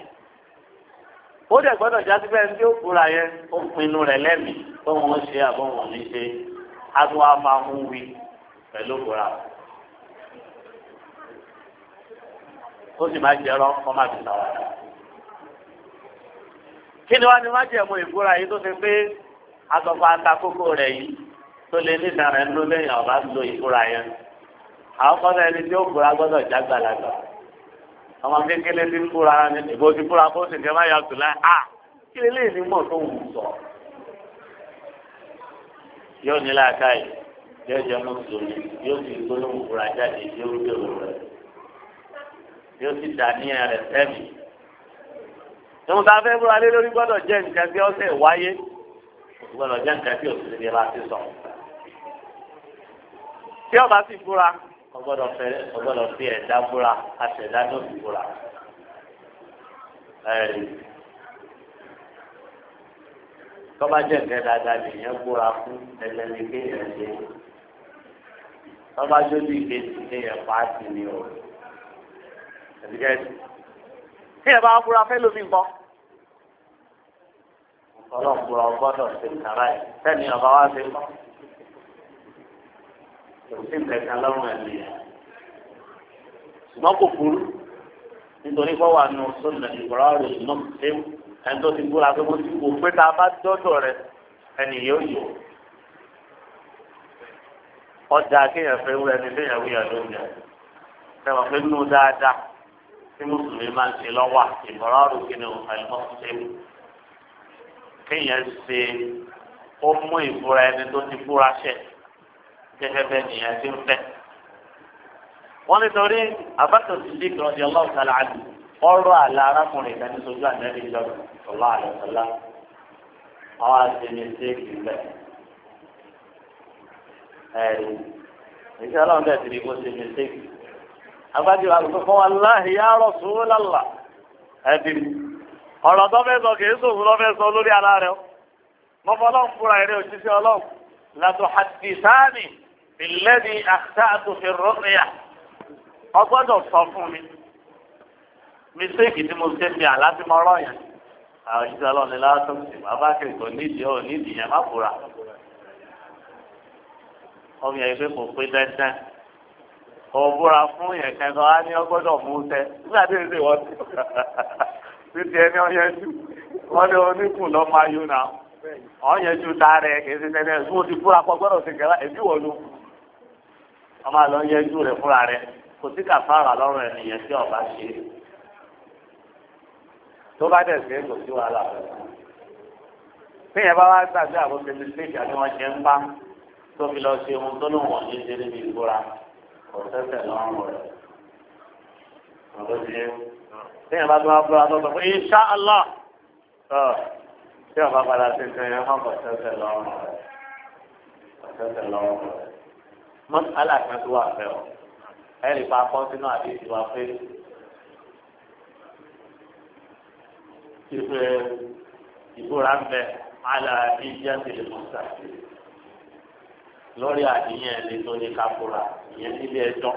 [SPEAKER 1] ó dẹ̀ gbọ́dọ̀ jásí pé ẹni tí ó kúra yẹn ó pinnu rẹ̀ lẹ́mìí tó wọ́n ṣe àbọ̀ wọ́n ní ṣe á tún wá máa ń wí pẹ̀lú kúra. ó sì máa jẹ́rọ kọ́ máa fi kí ni wá ní wá jẹ̀mú ìkúra yìí tó ṣe pé asọ̀fọ̀ atakókó rẹ̀ yìí tó lè ní ìdára ẹ̀ ń lọ lẹ́yìn ọ̀bá lo ìkúra yẹn àwọn kọ́nà ẹni tí ó gbọ́ra gbọ́dọ̀ já gbàlagbà ọmọ kékeré ti kúra ní ìbò ti kúra kó sì jẹ́ má yà tù láì à kí lè ní mọ̀ tó wù sọ. yóò ní láàká yìí yóò jẹ́ mùsùlùmí yóò fi gbólóhùn kúra jáde yóò dèrò rẹ̀ yóò sì dà ní ẹ̀rẹ̀ sẹ́mi. tòun ta fẹ́ múra lé lórí gbọ́dọ̀ jẹ́ nǹkan tí ọ̀sẹ̀ wáyé gbọ́dọ̀ jẹ́ nǹkan tí òṣèlú ọgbọ́dọ̀ fẹ́ ọgbọ́dọ̀ fi ẹ̀dá búra àtẹ̀dá tó fi tọ́ba jẹ́ nǹkan dáadáa lèèyàn búra fún ẹlẹ́ni kéèyàn ṣe tọ́ba jójú ìkejì kéèyàn pààtì ni o. kéèyàn bá búra fẹ́ lómi nǹkan ọlọ́run búra ọgbọ́dọ̀ ṣe kàrá ẹ̀ sẹ́ni ọba wa ṣe kọ́ kò sí nǹkan lọ́rùn ẹ̀mí ẹ̀ ṣùgbọ́n kò burú nítorí pé wà nù sọ́nà ìgbọ̀rọ̀ rẹ̀ náà ṣé ẹni tó ti búra pé mo ti wò pé tá a bá dọ́dọ̀ rẹ ẹni yóò yọ ọjà kéèyàn fẹ́ wúrẹ́ ní bẹ́ẹ̀ wúyà lóúnjẹ sẹ́wọ̀n pé nù dáadáa tí mùsùlùmí máa ń ṣe lọ́wọ́ ìgbọ̀rọ̀ rẹ̀ kí ni òun kéèyàn ṣe ó mú ìbúra ẹni tó ti búra ṣẹ̀ gẹ́gẹ́ bẹ́ẹ̀ nìyẹn ti ń fẹ́. wọ́n ní torí abákan sídìí kan di ọlọ́run tala àdì ọ̀rọ̀ àlà arákùnrin ìdáni sojú ànábì ìjọba ọlọ́ àlọ́sọ́lá àwọn àṣẹyẹ ṣéèkì bẹ́ẹ̀. ẹ̀rí ìṣẹ́ ọlọ́run bẹ́ẹ̀ ti di kó ṣẹyẹ ṣéèkì. agbájú àgùntàn fún wa láàyè àárọ̀ sówó lálà ẹ̀bí ọ̀rọ̀ tó kìí sòfin lọ́fẹ́ sọ ìlẹ́ni àtàtúfin rọ́ọ̀yà ọgbọ́dọ̀ sọ fún mi mistake tí mo ṣe mọ́ yẹn àwọn ìṣẹ́ ọlọ́ọ̀ni látọ̀ sí bàbá kẹ̀kọ́ nídìí ọ̀ nídìí yẹn má fura ọmọ yẹn pé fún yẹn kẹ́kọ̀ọ́ á ní ọgbọ́dọ̀ mú nígbà tí wọ́n ti [LAUGHS] ẹni wọ́n ní oníkùn tá a rẹ̀ kì í ṣe tẹ́lẹ̀ ti pọ̀ gbọ́dọ̀ kẹ́lá ló kù. ọmọ àlọ́ yẹjú rẹ̀ fúnra rẹ̀ kò sí kàfàrà lọ́rùn ẹnìyẹn tí ọba ṣe tó bá dẹ̀ sí kò sí wàhálà rẹ̀ téèyàn bá wá gbàgbé àwọn bèbè méjì àti wọn jẹ ń bá tó fi lọ ṣe ohun tó lóun wọn ní ṣe níbi ìgbóra kò sẹ́sẹ̀ lọ́rùn rẹ̀ téèyàn bá tó wá búra tó sọ pé insha allah tí ọba padà ṣe ń tẹ̀yẹ wọn kò sẹ́sẹ̀ lọ́rùn rẹ̀ kò sẹ́sẹ̀ lọ́rùn rẹ̀ mọ́sálà kan tó wà fẹ́ ọ ẹ̀rì pa akọ́ sínú àdéhùn wa pé ìfẹ́ ìbúra ń bẹ àlà ìjẹ́ tèlé mọ́sá lórí àdéhùn ẹni tó ní kápúra ìyẹn nílé ẹjọ́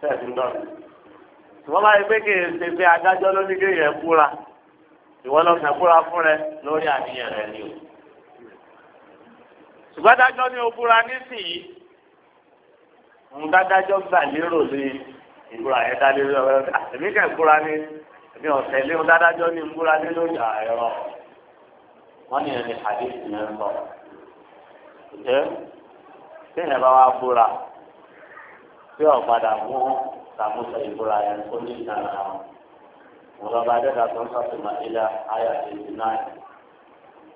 [SPEAKER 1] sẹ́ẹ̀dún dọ́ọ̀nù wọ́n máa ń pé kí n ṣe pé adájọ́ ló ní kéèyàn búra ìwọ́n lọ́ọ́ fẹ́ fún rẹ lórí àdéhùn rẹ ni o ṣùgbọ́n dájọ́ ní òbúra nísìnyí ń dájọ́ gbà lérò ní ìbúra yẹn dá lérò ọ̀rẹ́ àtẹ̀mí kẹ̀ ń búra ní ẹ̀mí ọ̀sẹ̀ lé ń dájọ́ ní ń búra ní lórí ẹ̀rọ wọ́n ní ẹni àdéhùn yẹn ń bọ̀ ǹjẹ́ tí ìyẹn bá wá búra tí ọ̀padà mú ṣàkóso ìbúra yẹn kó ní ìdára wọn lọ́ba adẹ́ka tó ń sọ̀tìmọ̀ ilẹ̀ ayọ̀ 89.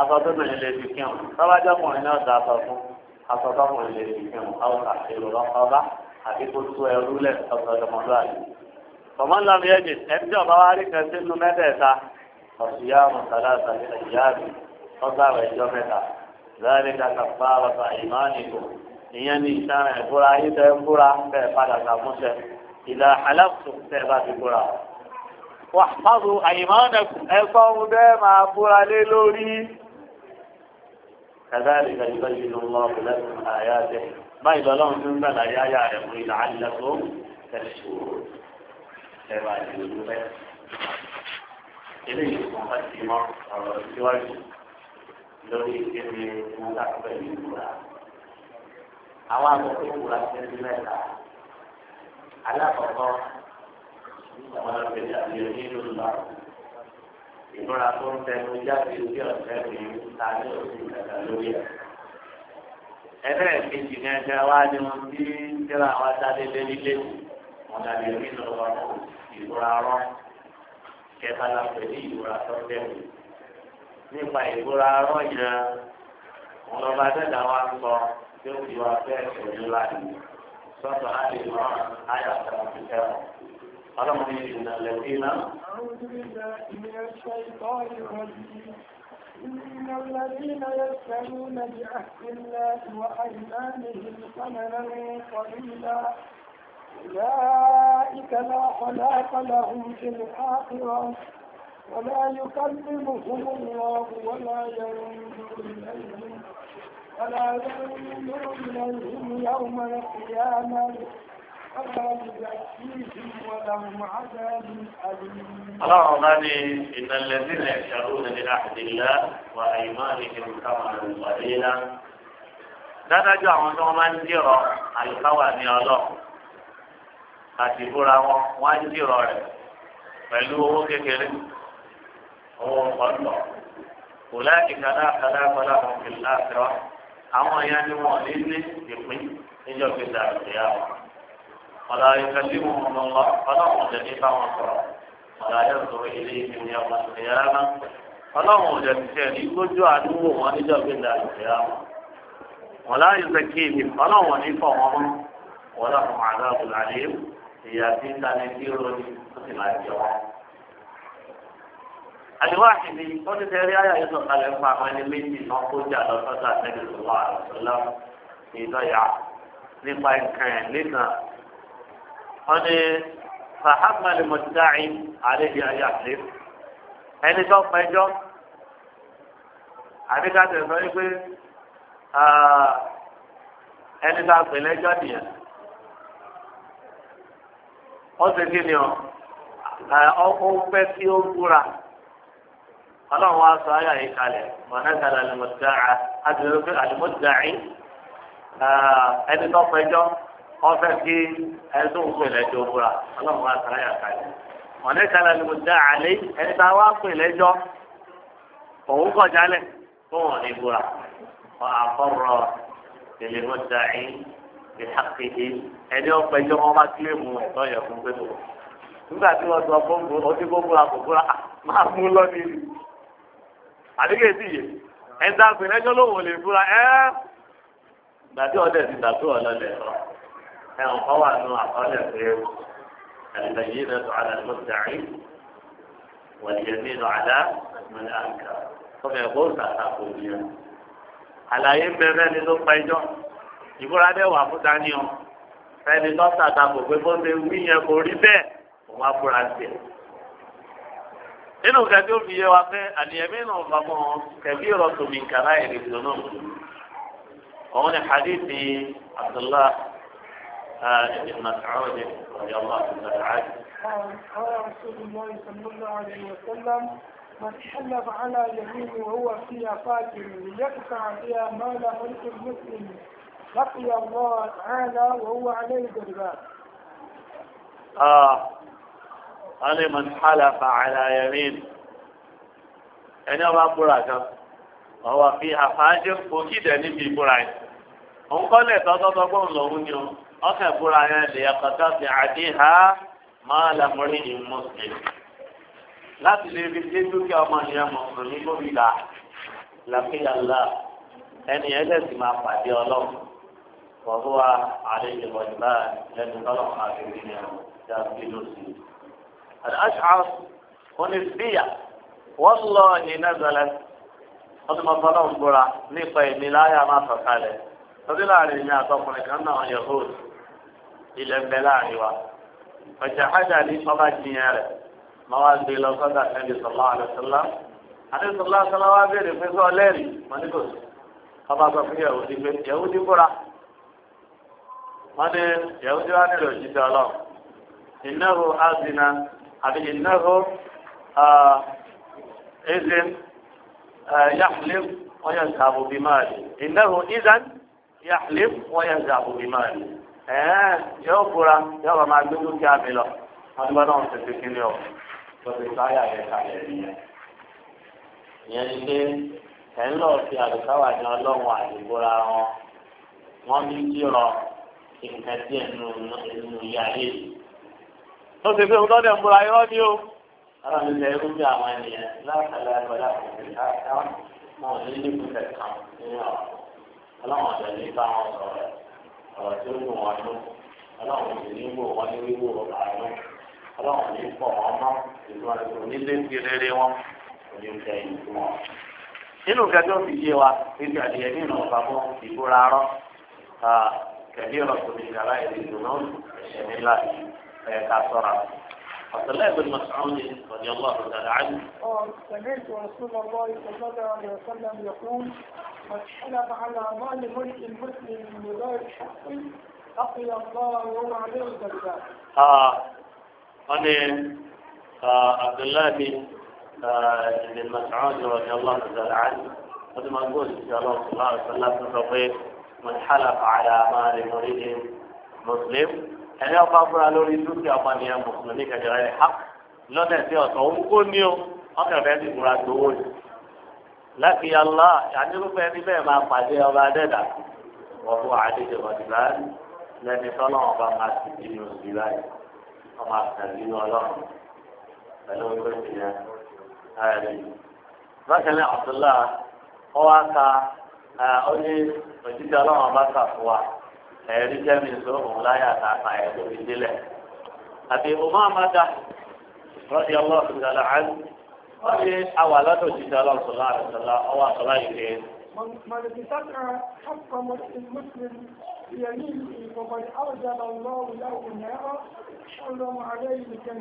[SPEAKER 1] aṣọ tó bẹ̀rẹ̀ lè fi kírun tọ́bájọ́ ọkùnrin náà dá aṣọ fún aṣọ tó ọkùnrin lè fi kírun àwọn àṣírò lọ́kọ́ọ́bá àti kó tú ẹrú lẹ̀ ọ̀sọ̀ ọ̀dọ̀mọdúnrún. tọ̀mọ́ ńlá mi ẹ̀jẹ̀ ẹbí ọ̀bá wa rí kan sínú mẹ́tẹ̀ẹ̀ta ọ̀sùyá mùsàlá àtàlẹ́ ìyáàbí ọgbàwẹ̀ ẹjọ́ mẹ́ta láàrin kàkà bá bàbá ìmánìkò ìyẹn ní ìtàn ẹ̀búra ayétẹ́ ẹ̀búra bẹ́ẹ̀ padà sàmúṣẹ ìlà aláàfù tẹ́ ti búra wàhálà àyìmánìkò ẹ̀fọ́ ń bẹ́ẹ̀ máa búra lé lórí كذلك يبين الله لكم آياته ما إذا لهم من بلا يا يعلم لعلكم تشكرون كما يقول إليه مقدمة الزواج lórí ìkéde ìmúlá pẹ̀lú ìmúlá. Àwọn àkókò ìmúlá ti di mẹ́ta. Alákọ̀ọ́kọ́, àwọn àgbẹ̀dẹ àti ìrìn ìlú lọ́wọ́ ìmọ̀ra tó ń tẹnu jáde orí ọ̀sẹ̀ mi ta ní òsì kàkà lórí ẹ̀. ẹ̀fẹ́ kejì ní ẹgbẹ́ wa ni wọ́n ti ń tẹ́lá wa dáadé délílé wọn dàbí orí lọ wà fún ìrora rán kẹta la pè ní ìrora tó ń tẹ̀wé. nípa ìrora rán yẹn wọn lọ bá dẹ́dà wa ń sọ tí ó ti wá fẹ́ ẹ̀sẹ̀ ńlá sọ́tọ̀ á lè àyàtọ̀ àti ẹ̀wọ̀n. أرمين الذين
[SPEAKER 2] أعوذ بالله من الشيطان الرجيم إن الذين يشترون بعهد الله وأيمانهم ثمنا قليلا أولئك لا خلاق لهم في الآخرة ولا يكلمهم الله ولا ينظر إليهم ولا ينظر إليهم يوم القيامة اللهم
[SPEAKER 1] bá ní ìdánilẹ́sílẹ̀ ìṣàrò ní àdìlá wà ìmáàlì ìrùkàmọ̀lù wàdílá. Dádájọ́ àwọn tí wọ́n máa ń dìrọ̀ àlùkáwà ní ọlọ́ àti ìbúra wọn, wọ́n á dìrọ̀ rẹ̀ pẹ̀lú owó kékeré, owó ọ̀pọ̀lọ̀. Kò láì kàdá kàdá kọ́lá ọ̀kìlá àfẹ́wà. Àwọn ìyá ni wọ́n ní ní ìpín níjọ́ gbèsè àgbéyàwó. ولا يكلمهم الله فلهم جنيبا وصرا ولا ينظر إليهم يوم القيامة فلهم جنيبا يقول عدو ونجا بالله القيامة ولا يزكيهم فلهم نفهم ولهم عذاب عليم ياتي تنكير قتل الجواب الواحد يقول في رواية يطلق الإنفاق عن الميت مقود على فتاة النبي صلى الله عليه وسلم في ضيعة nípa nǹkan ẹ̀ nìkan wọ́n ní fahamali mọ̀tàìn àlebi ayáfẹ́ ẹni tó pẹjọ́ àbí ká tẹ̀ sọ wípé ẹni tó apẹ̀lẹ́jọ́ nìyẹn wọ́n ti kí ni ọ ọkọ̀ fẹ́ kí ó búra ọlọ́run wa sọ ayé àyè kalẹ̀ mọ̀nàkàlà àlùmọ̀tàìn àti ẹni tó pẹjọ́ ọfẹ kí ẹsùn òkú ìlẹjọ búra Ọlọ́run àtàrà yà kalẹ̀ ọdẹ kalẹ̀ ni mo dá àlẹ ẹni tá a wá kó ìlẹjọ òun kọ jálẹ fún wọn ní búra wọn àkọrọ tẹ́lẹ̀ mo dá yín ní hakìhì ẹni ọpẹjọ wọn bá kílè mu ọtọ yẹ fún pé wọn nígbà tí wọn sọ fún mi ọtí kó búra kò búra máa mú lọ ní àdéhùn èsì yìí ẹni tá a kó ìlẹjọ búra ẹ gbàdúrà ọdẹ ti gbàdúrà ọlọlẹ sọ ẹ̀wọ̀n kan wà nínú àkọọ́lẹ̀ pé al-bayyinatu 'ala al-mudda'i wal-yaminu 'ala man ankar ọmọ ẹ̀kọ́ sàtàkù yẹn. àlàyé bẹ́ẹ̀ ni ló pa ẹjọ́ ìbúra dẹ́ wà fún dání o fẹ́ni lọ́ sàtàkù pé bó ṣe wí yẹn kò rí bẹ́ẹ̀ òun á fura tiẹ̀. nínú kẹfí ó fi yé wa pé àlìyẹ̀mí náà bàbá wọn rọ̀ tòmí nkàrà ìrìnsì náà خالد بن مسعود رضي الله تعالى
[SPEAKER 2] عنه قال رسول الله صلى الله عليه وسلم من حلف على يمين وهو فيها فاجر ليقطع بها مال ملك المسلم لقي الله تعالى وهو عليه جلبان.
[SPEAKER 1] آه أنا من حلف على يمين أنا ما براك وهو فيها فاجر وكذا نبي براك. òun kọ́ lẹ̀ tọ́tọ́tọ́ gbọ́n lọ́wọ́ ni ọ́ ọkẹ búra yẹn lè yàtọ̀ sí àdéhà máa làmúrí ní mùsùlùmí láti lè fi dé dúkìá ọmọ nìyẹn mùsùlùmí gómìnà làkìyàlá ẹni ẹlẹ́sì máa pàdé ọlọ́run wọ́n wá àlejò ọ̀jọ̀lá lẹ́nu lọ́lọ́run àti ìrìnà ìjà gbé lóṣù. àdáṣàá onífìyà wọ́n lọ ìná zọlẹ́ wọ́n ti máa búra nípa ìmìláyà máa sọ̀kalẹ̀ lọ́dún láàrin ìyá àtọkùnrin kan náà yẹ̀ hóòtù ilẹ̀ ń bẹ láàrin wa ọjà ájà ní ọba jiyàn rẹ̀ máa wá gbé lọ sọ́dà ẹni sọ̀lá àlùsọ́lá àti sọ̀lá sọ́lá wá béèrè pé sọ lẹ́rì wọn ní kò sí ọba sọ fún yẹ̀wò ní pé yẹ̀wò ní búra wọn ní yẹ̀wò ní wá nílò òjijì ọlọ́run ìnáwó azina àbí ìnáwó ẹ̀ẹ́dẹ́n yàhlẹ́m wọ́n yẹn zàbò bí máa lè ìnáwó ìzàn yàhlẹ́m wọ́n yẹn zàbò bí máa lè ẹ̀ẹ́ yóò fura yóò bá máa gbé dúkìá mi lọ wọn gbọ́dọ̀ ń tètè kiri ọ lọ́sẹ̀ sáyà rẹ̀ kalẹ̀ nìyẹn. ìyẹn ni pé ẹ̀ ń lọ sí àdùkáwà ní ọlọ́run àdìgbòra wọn wọ́n ní kí ọ nǹkan díẹ̀ nínú ilé ayé yìí. ó ti pé ọgọ́dẹ̀ ń bora irọ́ ní o. ara mi lẹ irú bí àwọn ènìyàn látàlẹ́ àgbàlá òkèèrè káàkiri wọn ò ní ní kùtẹ̀ kan nínú ọ̀rọ̀ ọ̀rọ̀ tí ó dùn wọn nú ọlọ́run sì ní wò wọn ní wíwò ọ̀la nú ọlọ́run ní pọ̀ wọn mọ́ ìlú àdúgbò nílé ti rere wọn òní ń tẹ ìlú wọn. nínú kẹjọ fi yé wa níbi àdìyẹ ní ìlànà bàbá ìbúra rọ kẹbí ọ̀rọ̀ tó ti dàrá ìlú ìdùnnú ẹ̀ṣẹ̀ nílá عبد الله بن مسعود رضي الله تعالى عنه
[SPEAKER 2] قال سمعت رسول الله صلى الله عليه وسلم يقول قد حلف على ظالم المسلم بغير حق لقي الله يوم عليه الجزاء
[SPEAKER 1] اه انا عبد الله بن بن مسعود رضي الله تعالى عنه قد ما نقول ان شاء الله صلى الله عليه وسلم من حلف على مال مريد مسلم ẹni ọba fúra lórí dúkìá ọmọnìyàn mùsùlùmí kẹjọ rẹ há lọ́dẹ̀ tí ọ̀tọ̀ òun kò ní o ọkàn láti yàrá àdínrúfẹ́ ẹni bẹ́ẹ̀ máa pàdé ọba adẹ́dà wọ́n fún àdéjọ ọ̀dìbá lẹ́ni tọ́lọ́ ọba máa ti di òsì báyìí wọ́n máa tẹ̀lé ọlọ́run pẹ̀lú ojú ìyẹn ààrẹ. bákan náà ọ̀túnlá ọ wá ka ó ní òjijì ọlọ́run ọba kà fún wa ẹ̀rí jẹ́mi sóhùn láyà tààtà ẹ̀kọ́ ìdílẹ̀. àbí ọmọ àmàdà rọ́ọ̀dì ọlọ́run wọ́n ní àwà lọ́dọ̀ òṣìṣẹ́ ọlọ́sọ̀lá àrẹ̀sọ̀lá ọwọ́ àtọ́lá ìgbé.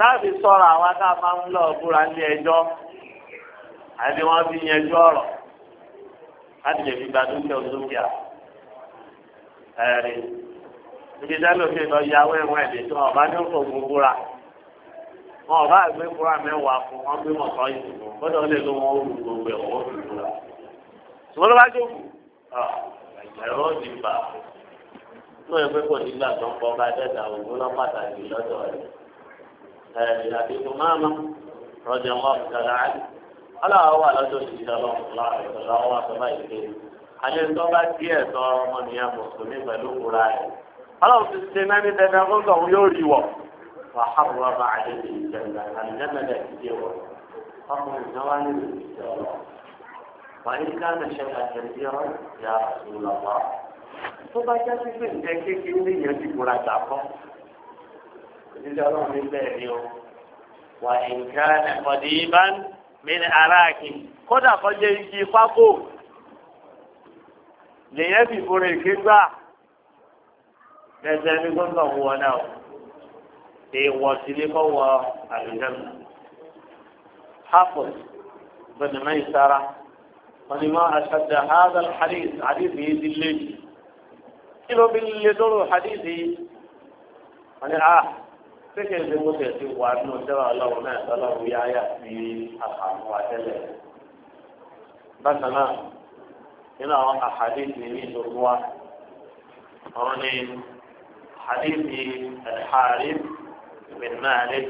[SPEAKER 1] láti sọ̀rọ̀ àwọn tá a máa ń lọ búra ní ẹjọ́ àti wọ́n fi yanjú ọ̀rọ̀ láti lè fi gba dúkìá olókìá ẹ̀rí ibi dálófin lọ yàwó ẹ̀wọ̀n ẹ̀dẹ̀ tó ọ̀bá ní òfò gbogbo ra. wọn ọba àgbẹ̀ kura mẹ́wàá fún wọn gbé mọ̀tọ́ yìí fún gbọ́dọ̀ lè ló wọn òru gbogbo ẹ̀ wọ́n fi fún wa. ṣùgbọ́n ló bá jókòó ẹ̀rọ ti bà ló yẹ pé kò ní gbà tó ń bọ́ bá dẹ́ta òun lọ pàtàkì lọ́dọ̀ rẹ̀ ẹ̀ ìlàdínkù máàmá rọ́jà wọn kàlá àlè aláwọ̀ wà lọ́dọ̀ ìṣiṣẹ́ ọlọ́run láàrin alẹ́ tó bá di ẹ̀tọ́ ọmọnìyàn mùsùlùmí pẹ̀lú kura ẹ̀ ọlọ́run ti ṣe náà ní dandan fún tọ̀hún yóò rí wọ̀. وحرم عليه الجنة علمنا كثيرا فقل الزوال وإن كان شيئا كثيرا يا رسول الله فبدا في ذلك إني يجب رجعكم لجرم الله وإن كان قديما من أراكم kódà kọjá igi pákó lèyẹ́ fi fúnra ìkégbà bẹ̀sẹ̀ ní gbọ́dọ̀ wọn náà èèwọ̀ sí lé fọwọ́ àlùjẹ́nu. hafun bẹ̀rẹ̀ náà ìsára wọn ni máa aṣáájú hadal hadith hadith yìí ti lé jù kí ló fi lé lóru hadith yìí wọn ni ah pékè ṣe mo tẹ̀ sí wà nínú sẹ́wà ọlọ́run náà sọlọ́run yá yà sí àkàmú àtẹ́lẹ̀. bákan náà nínú àwọn àhàdíìsì ní ìṣòro wa wọn ni àhàdíìsì ẹ̀hàrí bin Malik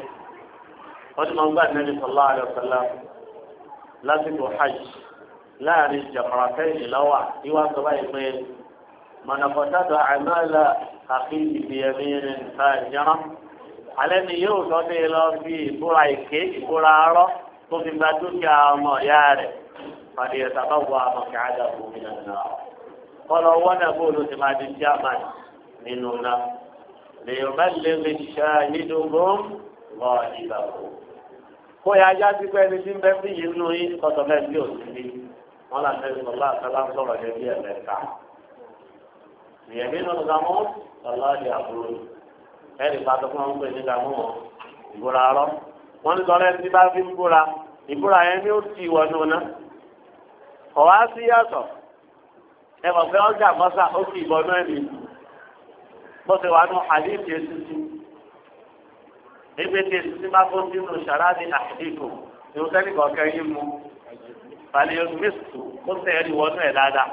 [SPEAKER 1] wọ́n ti máa ń gbà nẹ́bí sọ̀lá àlọ́sọ̀lá lásìkò hajj láàrin jàmọ̀ràkẹ́ ìlọ́wà ìwà sọ́ba ìpè mọ̀nàkọ̀tàdọ̀ àmàlà àfihì bìyẹ̀mìrì fàjọ́rọ́. alẹ́ ni yóò sọ ní lọ bí ìbúra ìké ìbúra arọ́ tó fi gba dúkìá ọmọ ìyá rẹ̀ pàdé ìsàbà wọ àmọ̀ kí á dà fún mi nàá. kọ́lọ̀ wọ́n náà bóòlù ti máa di chairman nínú náà lèyọ̀mẹ́lẹ́lẹ́ ṣáàyédógún lọ ìbàkú. kó yá ajá sí pé ẹni tí ń bẹ́ sí yìí nínú yín kọ́tọ̀ bẹ́ẹ̀ bí ò sí ní wọn là fẹ́ sọ bá àtàlà ń sọ̀rọ̀ yẹn bí ẹ̀rẹ̀ ká. ìyẹ̀mí nínú gamọ́ ọlọ́ọ̀dẹ àbúrò ẹ̀rì pàtó fún wọn pé ní gamọ́ ìbúra rọ. wọ́n ní sọ lẹ́ni tí bá fi ń búra ìbúra yẹn ni ó ti wọnú ná. kọ̀ sí yàtọ̀ ẹ bó ti wà nù hadith yẹn tuntun ebi tí tí máa fún sínú sàrádì àdìgò ìwọ sẹ́ni kọ̀ọ̀kan yín mu balẹ̀ mísù kó sẹ́yìn wọnú ẹ̀ dáadáa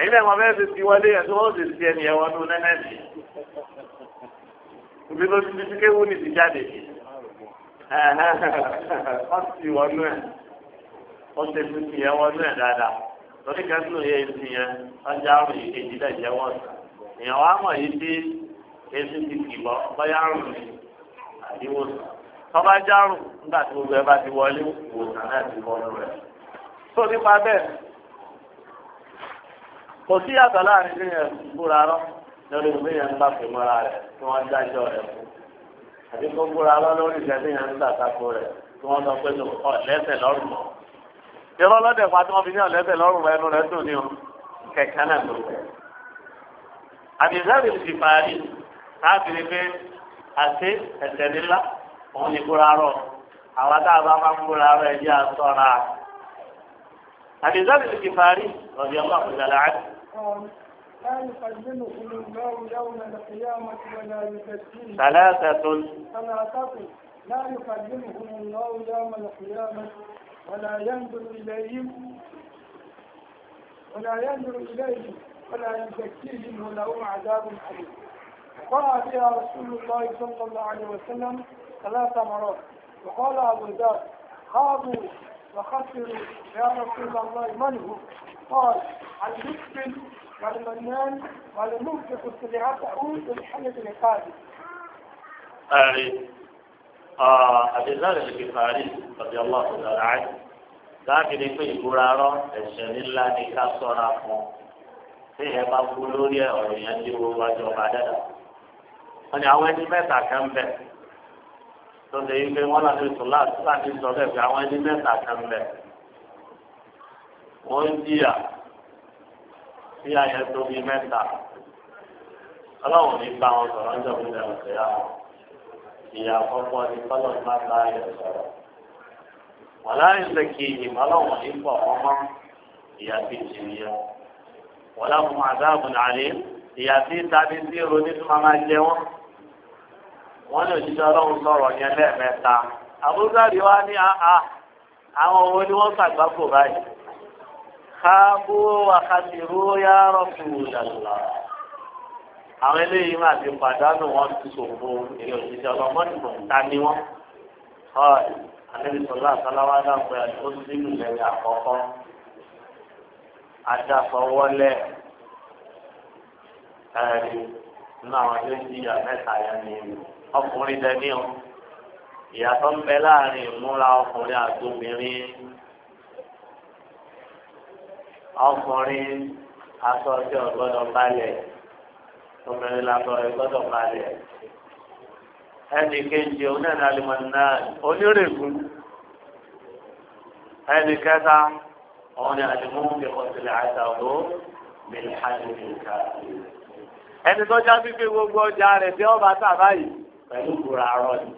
[SPEAKER 1] èyí náà wọn bẹ́ẹ̀ ti ti wọlé ẹ̀ tó wọ́n ti ti ẹni ẹ̀ wọnú nẹ́nẹ́sì ibi tó ti ti kéwù ní ti jáde wọ́n ti wọnú ẹ̀ wọ́n ti ti wọnú ẹ̀ dáadáa lórí kẹ́sìlò yẹ ti yẹn ọjà èèyàn wá mọ̀ yìí pé èsì ti kìbọ̀ bọ́yá rùn ní àdíwòsàn tọ́ba járùn nígbà tí gbogbo ẹ bá ti wọlé náà ti wọlé rẹ̀. tó nípa bẹ́ẹ̀ kò sí yàtọ̀ láàrin bí yẹn búra lọ lórí yẹn ń bá mọ́ra rẹ̀ wọ́n dájọ́ rẹ̀ fún àti kó lọ lórí yẹn ń gbà sáko rẹ̀ wọ́n ní ọ̀lẹ́sẹ̀ lọ́rùn mọ́ àbíjáde ti parí káàkiri pé àti ẹ̀sẹ̀ nílá òun ní kóra rọ̀ àwọn tá a bá máa ń kóra rọ̀ ẹ̀jẹ̀ àtọ́ra. àbíjáde ti parí ọ̀dẹ̀ ọlọ́ àbújálá àti.
[SPEAKER 2] ثلاثة ثلاثة لا يكلمهم الله يوم القيامة ولا ينظر إليهم ولا ينظر إليهم فلا يزكيهم ولهم عذاب أليم قرأ فيها رسول الله صلى الله عليه وسلم ثلاث مرات وقال أبو ذر خاضوا وخسروا يا رسول الله من هو؟ قال المسلم والمنان والمنفق سلعته بالحلف العقادي.
[SPEAKER 1] أي آه، آه، أبي ذر الكفاري رضي الله تعالى عنه ذاك في pé ìkúra rọ ẹsẹ ńlá فوق téèyàn bá kú lórí ẹ̀ ọ̀rọ̀ yẹn tí wọ́n wájú ọba dẹ́dà. wọ́n ní àwọn ẹni mẹ́ta kan bẹ̀ tó ṣe yí pé wọ́n lọ sí sùlá láti sọ bẹ́ẹ̀ pé àwọn ẹni mẹ́ta kan bẹ̀. wọ́n ń jìyà sí ayẹ tó bí mẹ́ta. ọlọ́run ní bá wọn sọ̀rọ̀ ń jọ̀bí lẹ́nu sí ya. ìyá àkọ́kọ́ ni kọ́lọ̀ má bá ayẹ sọ̀rọ̀. wọ́n láyé ń ní pọ̀ ọmọ ìyá wọ́n láwọn ọmọ àdáàbò nàlẹ́ ìyá tí tàbí tí ronú tó máa máa jẹ wọ́n. wọ́n lè jíjẹ́ ọlọ́run sọ̀rọ̀ yẹn lẹ́ẹ̀mẹ́ta àbúgbàrí wa ní àá àwọn owó ni wọ́n ṣàgbákò báyìí. káàbù àkàtìrú yá rọ̀kù dàlá. àwọn eléyìí máa ti pàdánù wọn ti ṣòfò èèyàn òṣìṣẹ́ ọlọ́mọdé kò ń ta ní wọn. ọ̀ àlẹ́ adáfọwọ́lẹ̀ ẹ̀rí nínú àwọn tó ń jìyà mẹ́ta yẹn ni ọkùnrin dání o ìyàtọ̀ ń bẹ láàrin ìmúra ọkùnrin àtòmìnrin ọkùnrin aṣọ ọjọ́ gbọ́dọ̀ balẹ̀ obìnrin làbọ̀ rẹ̀ gbọ́dọ̀ balẹ̀ ẹnì kejì onídàálímọ̀ náà onírègùn ẹnì kẹta ọ̀nà àdìmọ́ mi kọ̀sílẹ̀ àtàwọ̀ mi hàní mi ká. ẹni tó já sí pé gbogbo ọjà rẹ̀ tí ọba tà báyìí pẹ̀lú ìgbòrò àárọ̀ ni.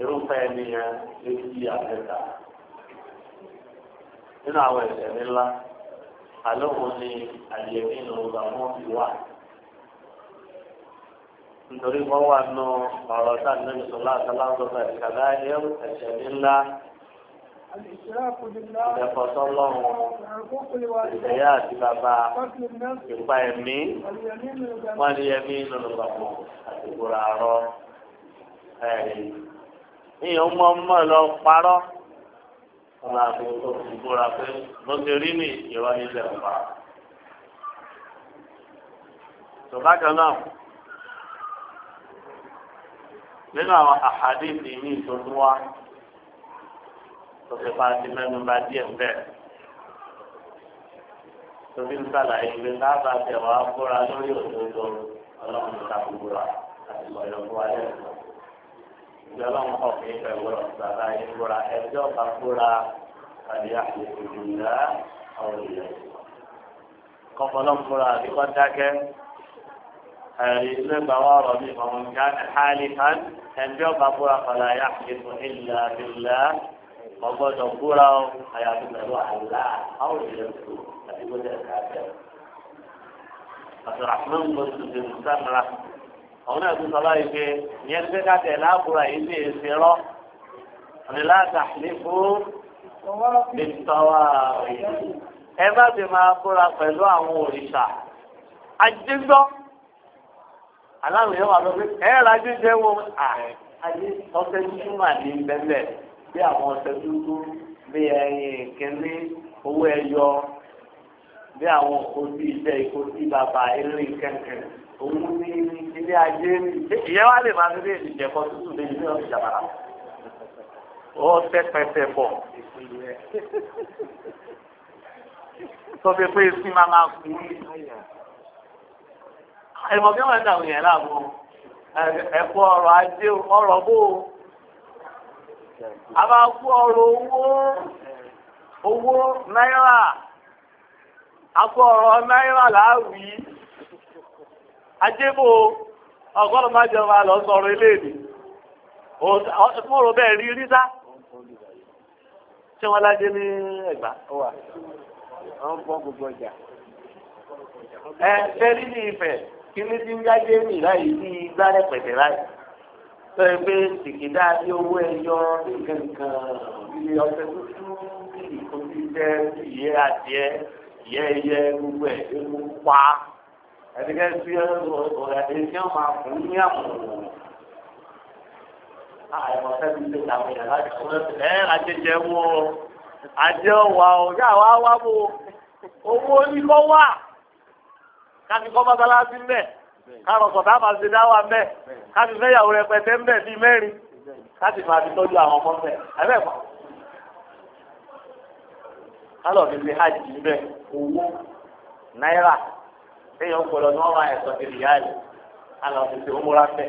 [SPEAKER 1] irúfẹ́ ẹni yẹn ló ti àfẹ́ta. nínú àwọn ẹ̀sẹ̀ ńlá àlóhùn ni àyẹ̀mí ni ọba wọn fi wà. nítorí wọ́n wà nù ọ̀rọ̀ sáà nínú ìṣọ̀lá àtàlà ọ̀gbọ̀n ẹ̀ṣẹ̀ ńlá.
[SPEAKER 2] Ìdẹ̀kọ̀ sọ́lọ́run, ìdẹ̀yà àti bàbá, ìpa ẹ̀mí, wọ́n lè
[SPEAKER 1] yẹmí lọ́nà bàbá àti ìgbòrà àárọ̀ ẹ̀rí. Ìyẹn mọ́ mọ́ lọ parọ́. Ọlá àti ìgbòrà pé bó ti rí ní ìrọ̀ nílẹ̀ ọ̀pá. Tòbákan náà nínú àwọn àhàdí ìní ìtọ́jú wa tó fi pa ti mẹ́nu bà díẹ̀ bẹ́ẹ̀. Tobi ń sàlàyé pé sábà tẹ̀ wá fúra lórí òdodo ọlọ́run ní kàkúrú wa àti ìmọ̀lẹ́ fún wa lẹ́sìn. Ìjọ ọlọ́run kọ̀ fún ìfẹ́ wúrọ̀ bàbá yìí fúra ẹjọ́ bá fúra àbí àpèjì ìlà ọ̀rọ̀ ìlẹ̀. Kọ́kọ́lọ́ fúra àbí kọ́ dákẹ́. Ẹ̀rí ilé gbà wá ọ̀rọ̀ mi ọ̀run jáde hálí hán ẹjọ́ bá fúra fàlàyé àpèjì ìlà ọgbọ́dọ̀ búra ọ àyàfi pẹ̀lú àlá àwọn èèyàn tó àti gbọ́dọ̀ ẹ̀ka tẹ̀. àtàrà fún mi gbọ́dọ̀ tuntun ní sàmìlà àwọn náà tún sọlá yìí pé yẹn ti ká tẹ̀ láàbùrà yìí ní èsì rọ ní láta ní fún ní tọ́wà ẹ má ti máa búra pẹ̀lú àwọn òrìṣà àjíjọ́ aláwọ̀ yẹn wà lọ́wọ́ ẹ̀ ẹ́ rájú jẹ́ wọn àyè ọ̀sẹ̀ túmọ̀ ní bẹ́ẹ̀ bí àwọn ọ̀sẹ̀ dúdú bí ẹyin kínní owó ẹyọ bí àwọn òbí ilẹ̀ ìkòsí bàbá eré kẹ̀kẹ́ òun ní ilé ajé ìyẹn wá lè máa fi ìjẹ̀kọ́ tútù lé ilé ọ̀sẹ̀ jàbàrà ó tẹ́ pẹpẹ bọ̀ sọ pé pé sí máa máa kú ẹ̀mọ̀ bí wọ́n dàrú yẹn láàbò ẹ̀kọ́ ọrọ̀ ajé ọrọ̀ bó o. a máa kú ọ̀rọ̀ owó owó náírà akú ọ̀rọ̀ náírà láàwí ajébò ọgọ́rùn má lọ sọ̀rọ̀ eléèdè fúnrò bẹ́ẹ̀ rí rí sá wọ́n lájé ní ẹ̀gbá wà wọ́n bọ́ gbogbo ọjà ẹ fẹ́rí ní ìfẹ́ kí ní tí ń yájé tó pé tìkìdá ní owó ẹyọ nǹkan kan ọ̀sẹ̀ tuntun bí ìkọ́sí jẹ́ ìyẹ́ adìẹ ìyẹ́ ẹyẹ gbogbo ẹ̀ ewu pa ẹ̀dẹ́gẹ́ sí ọ̀rẹ́ ẹ̀dẹ́gẹ́ máa fún ní àmọ̀ràn àìmọ̀ ah, sẹ́bi lè làwọn èèyàn láti fún ẹ̀ àjẹjẹ wọ àjẹ wà ọ̀gá wa wá bò owó oníkọ́ wà káfíńkọ́ bàbá láti mẹ́ẹ̀ kárọ̀sọ̀ tá a máa ṣe dáwà mẹ́ káti fẹ́yàwó rẹpẹtẹ ń bẹ̀ bíi mẹ́rin káti máa fi tọ́jú àwọn ọmọ mẹ́ ẹ̀rẹ́ kálọ̀ mi fi hajj níbẹ̀ owó náírà téèyàn gbọdọ̀ ní wọ́n ẹ̀sọ́ ti rìá rẹ̀ kálọ̀ mi fi omúra fẹ́.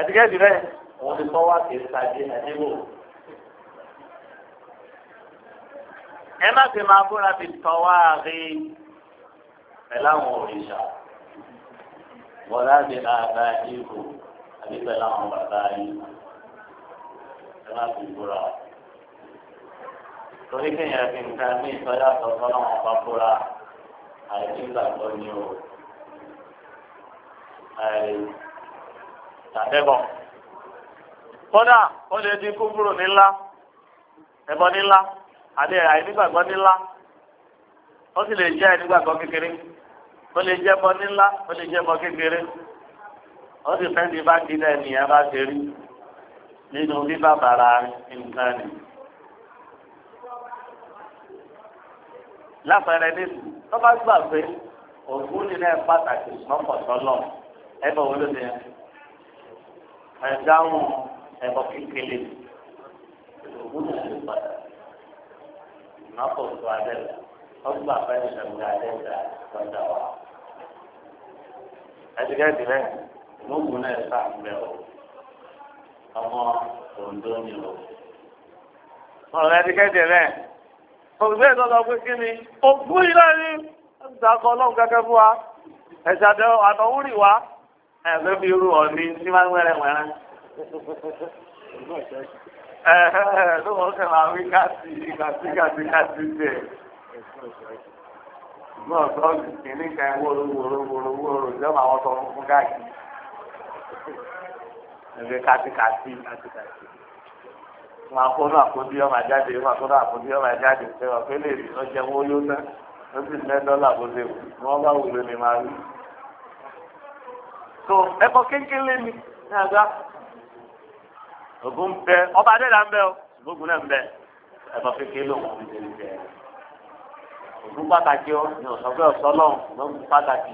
[SPEAKER 1] ẹ̀dígẹ́dì rẹ̀ wọ́n ti tọ́wọ́ àti ìsàdé ẹ̀dínwó. ẹ má ti máa búra fi tọ́wọ́ àárín pẹ̀láwọn òrìṣà wọ́n á di ààbà ihò àbí pẹ̀lú àwọn bàbá yìí ẹ má fi búra. torí kéèyàn fi nǹkan ní ìtọ́jà tọ́tọ́ náà wọ́n bá búra àìsí ìgbàgbọ́ ni o. tàbẹ́bọ̀ kódà ó lè di kúbúrò nílá ẹbọ nílá àti àìnígbàgbọ́ nílá ó sì lè jẹ́ àìnígbàgbọ́ kékeré ó lè jẹ́ bọ nílá ó lè jẹ́ bọ kékeré ó sì fẹ́ ti bá ti dẹ̀ nìyẹn bá ṣe rí nínú bíbá bàrà nǹkan ni. láfẹ̀rẹ̀ ní tó bá gbà pé òògùn nílẹ̀ pàtàkì mọ́kànlọ́lọ́ ẹ̀bọ̀ wo ló dé ẹ̀dáhùn ẹ̀bọ̀ kékeré òògùn nílẹ̀ pàtàkì mọ́kànlọ́lọ́ abẹ́rẹ́ ọgbà fẹ́ẹ́ ṣẹ̀gbẹ́ abẹ́rẹ́ ọ̀dà wa ẹdígẹ́dì rẹ̀ lóògùn náà sá mbẹ́ o ọmọ òǹdó ni o. ọ̀rọ̀ ẹdígẹ́dì rẹ̀ òṣìṣẹ́ ìtọ́jú pé kí ni ògùn yìí náà ni ìdàkọ̀ ọlọ́run fún wa ẹ̀sẹ̀ àtọ̀wúrì wa ẹ̀fẹ́ fi irú ọ̀ní tí máa ń wẹ̀rẹ̀ wẹ̀rẹ̀. ẹ̀ẹ́ ló wọ́n kẹ́ máa wí káàsì káàsì káàsì káàsì tẹ̀ náà sọ́ọ̀lù kìíní ka ẹ̀ wọ́ọ̀rọ̀ wọ́ọ̀rọ̀ wọ́ọ̀rọ̀ wọ́ọ̀rọ̀ ìjọba àwọn sọ fún káàkiri ẹgbẹ́ kátikàti wọn akóná àkóndí ọmọ àjáde wọn akóná àkóndí ọmọ àjáde ẹwà pé lè rí ọjà wọn yóò ná wọn sì ní dọ́là bó ṣe wù ni bá wùlé ni máa rí. tó ẹ̀kọ́ kékeré ni ní àgbà ògùn ń bẹ ọba adéla ń bẹ o ògùn náà ń bẹ ẹ̀kọ́ kékeré òun ti òkú pàtàkì ọ ní ọ̀sán pé ọ̀sán náà ló ń pàtàkì.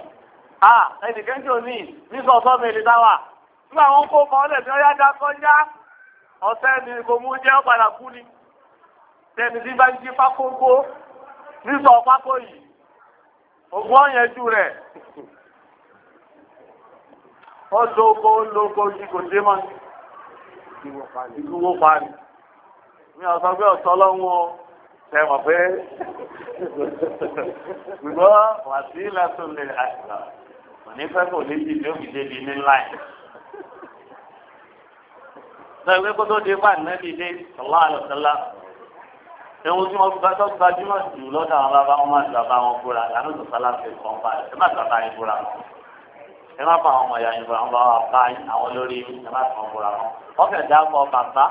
[SPEAKER 1] a ẹnìkan tí o ní ní sọ̀tọ́ mi lè dá wà nígbà wọn kó ọmọ ọlẹ́bí ọyá dá kọjá ọ̀sẹ́ ni kò mú jẹ́ ọ̀padà kú ni tẹ̀mí tí bá ń jí pákókó ní sọ pákó yìí ògùn ọ̀yẹ́jú rẹ̀ ó lóko lóko yìí kò dé mọ́ ìwọ parí mi ọ̀sán pé ọ̀sán lọ́wọ́ ṣe mọ̀ pé ṣùgbọ́n wàsílà tó lè àṣà òní fẹ́ kò ní jìbì ó fi débi ní láì. Sọ̀rọ̀ pé tó dé bá nẹ́bí dé sọ̀lá àlọ́sọ̀lá. Ewu tí wọ́n gba tó gbajúmọ̀ jù lọ́dọ̀ àwọn bàbá wọn máa gbàgbà wọn búra lànà tó sálá fi kàn bá ẹ má gbàgbà yín búra. Ẹ má fa àwọn ọmọ ìyá yín búra wọn bá àwọn lórí ẹ má kàn búra wọn. Wọ́n dá ọkọ̀ bàbá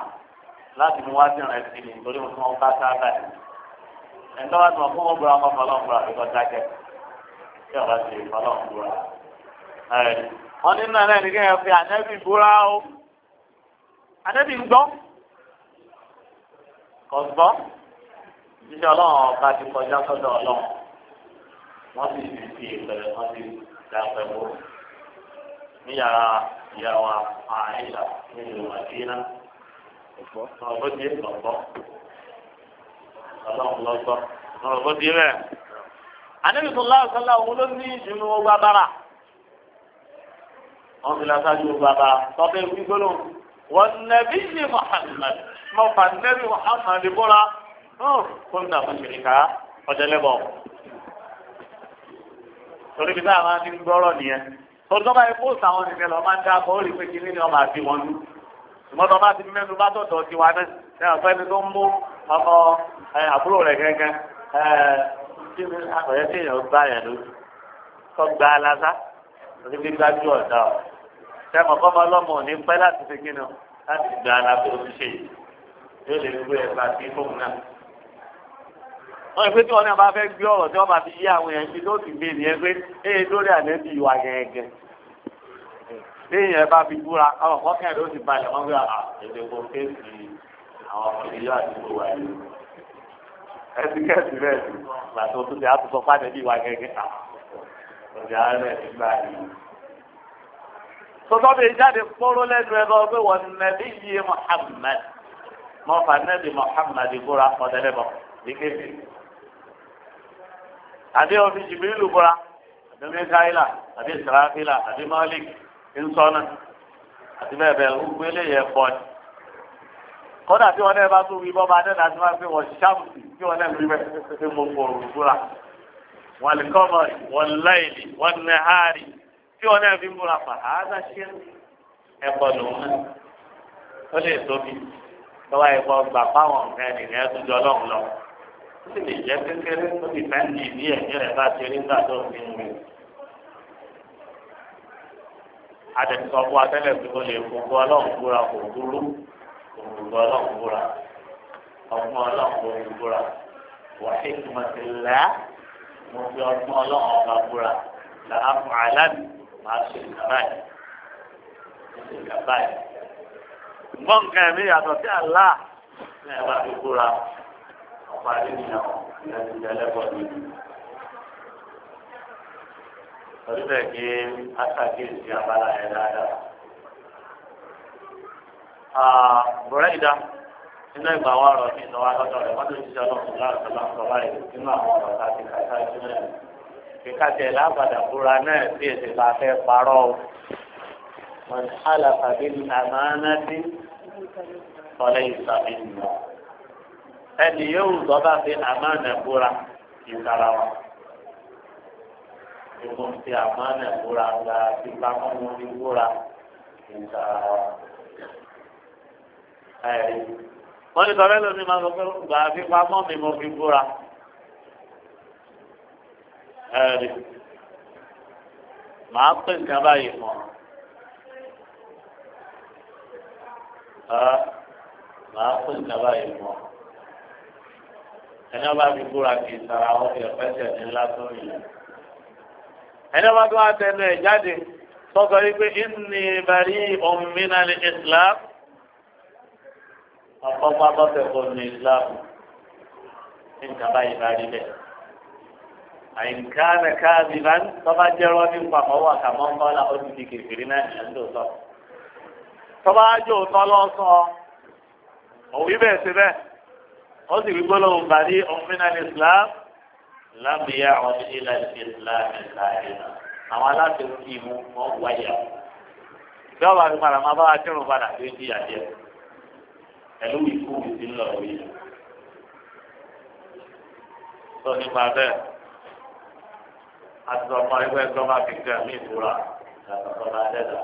[SPEAKER 1] láti mú wá sí ìrìn ẹ̀sìn nítorí wọn tí wọ́n bá sáábà yìí ẹ̀ńtọ́ wa ti mọ̀ fún wọn búra wọn fọlọ́ búra ìkọ́ dákẹ́ tí ọ̀rọ̀ ti fọlọ́ búra. wọ́n ní nàlẹ́ ní kẹ́hìn fi ànẹ́bí búra o ànẹ́bí ń gbọ́ kò gbọ́ jíjẹ́ ọlọ́run ọba ti kọjá sọ́dọ̀ ọlọ́run wọ́n sì ti fi ìpẹ̀lẹ̀ wọ́n ti dá pẹ̀lú níyàrá ìyàwó àìsà nínú àdínà ọ̀gbọ́n ọ̀gbọ́n ọlọ́run lọ́gbọ́ ọ̀rọ̀ bó di rẹ̀. àníbi sọlá ọ̀sọ́lá òun ló ní ìṣúná owó abára wọ́n fi lọ́sájú owó abára tọ́pẹ́ gbígbóná Muhammad mọ fàndẹ́rì Muhammad bọ́ra kó n dàbọ̀ ṣèlíkà ọ̀jẹ̀lẹ́bọ̀ torí bí táwọn máa ń gbọ́rọ̀ nìyẹn tọ́jọ́ báyìí kó sàwọn ìfẹ́ lọ máa ń dá bọ́ọ̀lì pé kí nínú ọmọ àti wọn lù ṣùgbọ́n tó bá ti mẹ́nu bá tọ̀tọ̀ tiwa ọmọ àbúrò rẹ̀ kankan tí ọ̀yẹ́ tí èèyàn bá yẹn lójú kọ́ gba alásá lórí gbígbá ju ọ̀dà ọ̀ sẹ́mọ̀ kọ́mọ ọlọ́mọ ò ní pẹ́ láti fi kíni láti gba alábẹ́ oníṣe yìí yóò lè gbé ẹ̀ka sí fóun náà. wọ́n ìpè tí wọ́n náà bá fẹ́ gbé ọ̀rọ̀ tí wọ́n bá fi yí àwọn èèyàn sí ló ti gbé nìyẹn pé ee lórí àlẹ́bí ìwà gẹ̀ẹ́gẹ́. bí èèyàn bá fi búra ọ̀rọ̀ kọ́kẹ́ ló ti balẹ̀ wọ́n gbé àà èdè kò kéèsì àwọn kìnìyàn àdúgbò wa yìí ẹtikẹ́tì bẹ́ẹ̀ ni gbàtọ́ tó ti àtúntò pàdé bí wa gẹ́gẹ́ ta ọjà rẹ̀ nígbà yìí. sọ́tọ́ bíi jáde kpọ́rọ́ lẹ́nu ẹ̀rọ pé wọ́n nàbí yé Muhammad mọ́fà nàbí Muhammad búra ọ̀dẹ́lẹ́ bọ̀ nígbèsè. àbí ọ̀fi jìbìlì búra àbí mẹ́káìlà àbí sàràfìlà àbí mọ́lík ńsọ́nà àti bẹ́ẹ̀ bẹ́ẹ̀ ń gbélé yẹ pọ́ni kọ́dà tí wọ́n náà bá tó wí bọ́ bá dẹ́nà tí wọ́n fi wọ́n ṣáàmùsì tí wọ́n náà wí bẹ́ẹ̀ pé mo fòrò fúra. wọ́n lè kọ́mọ wọ́n láìlì wọ́n nà hárì tí wọ́n náà fi múra pàtà áza ṣe ẹ̀kọ́ lòun náà. ó lè tóbi lọ́wọ́ ẹ̀kọ́ gbà fáwọn nǹkan ènìyàn ẹ̀ tó jọ lọ́hùn lọ. ó sì lè tó ń fún fún olè fúnra kò dúró òmùgbọ́ ọlọ́run búra ọgbọ́n ọlọ́run bó mi búra wàhí tùmọ̀tìlá mo fi ọgbọ́n ọlọ́run ọba búra làákùn àlàbì máa ṣe ìkàbáyé ṣe ìkàbáyé. ṣùgbọ́n nǹkan ẹ̀mí yàtọ̀ sí àlá ní ẹ̀bá fi búra ọ̀pá nínú ìlẹ́sìn ẹlẹ́bọ̀ nínú. torí bẹ́ẹ̀ kí a ṣàkíyèsí abala ẹ̀ dáadáa bùrẹ́dà nínú ìgbà wa rọ̀ ní ìnáwó alọ́dọ̀ rẹ̀ wọ́n tó ti sọ lọ́kùnrin láti lọ́kùnrin báyìí nínú àwọn ọ̀rọ̀ láti kàtà ìṣúná ẹ̀ kíkà tẹ̀ lágbàdà búra náà sí èsì bá fẹ́ parọ́ o wọn hálàfà bí àmánátì ọ̀lẹ́ ìsàmì nù ẹni yóò zọ́ bá fi àmánà búra ìkara wọn ìkùn ti àmánà ẹ̀rí wọ́n ní sọ́rẹ́ lómi máa ń gbọ́ gbà fi pamọ́ mi mo fi búra ẹ̀rí màá pè nǹkan báyìí mọ́ màá pè nǹkan báyìí mọ́ ẹni ọba fi búra kì í sara wọn fi ẹ̀fẹ́sẹ̀ ní ńlá tó yìí ẹni ọba tó wá ẹ̀ jáde sọ́kọ́ yìí pé ìnì ìbàrí ọ̀mìnà ní Islam ọ̀pọ̀ pápákọ̀ kò ní islam nǹkan báyìí bá rí bẹ́ẹ̀. àyìnká rẹ káàbí bá ń tọ́ba jẹ́rọ́ ní pàmò wà kàmọ́ ń bọ́lá ó ti di kèfèrí náà ní àdó sọ. tọ́ba ájò tọ́ lọ́sọ̀ òwí bẹ́ẹ̀ sí bẹ́ẹ̀ ó sì wí gbólóhùn bá ní ọ̀mìnà islam lábìyà ọ̀dún ilẹ̀ islam ìlànà àwọn aláṣẹ òkè ìmú wọn wáyà. ìjọba àti màràmá bá wa kírun padà lójú àjẹsí pẹ̀lú ìkúbi tí ń lọ wí. sọ nípa bẹ́ẹ̀ àti ọmọ ẹgbẹ́ ẹgbẹ́ máa fi kẹ́ mí ìfura yàtọ̀ sọ́dọ̀ adẹ́dà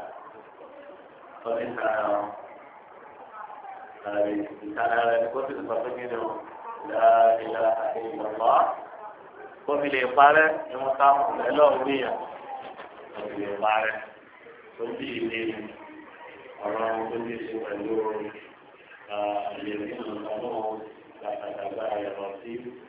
[SPEAKER 1] sọ ní sàrà wọn. Ààrẹ ìtàn ara ẹni kó sì sọ pé kí ni o, ìlà ìlà ìlọ́wọ́ kófì lè parẹ́ ni wọ́n ká mọ̀ ẹ lọ́ọ̀ wí yàn kófì lè parẹ́ tó bí ilé ọ̀rọ̀ ohun tó ní í pẹ̀lú orin. الذين ظلموا لا تتبع الرصيد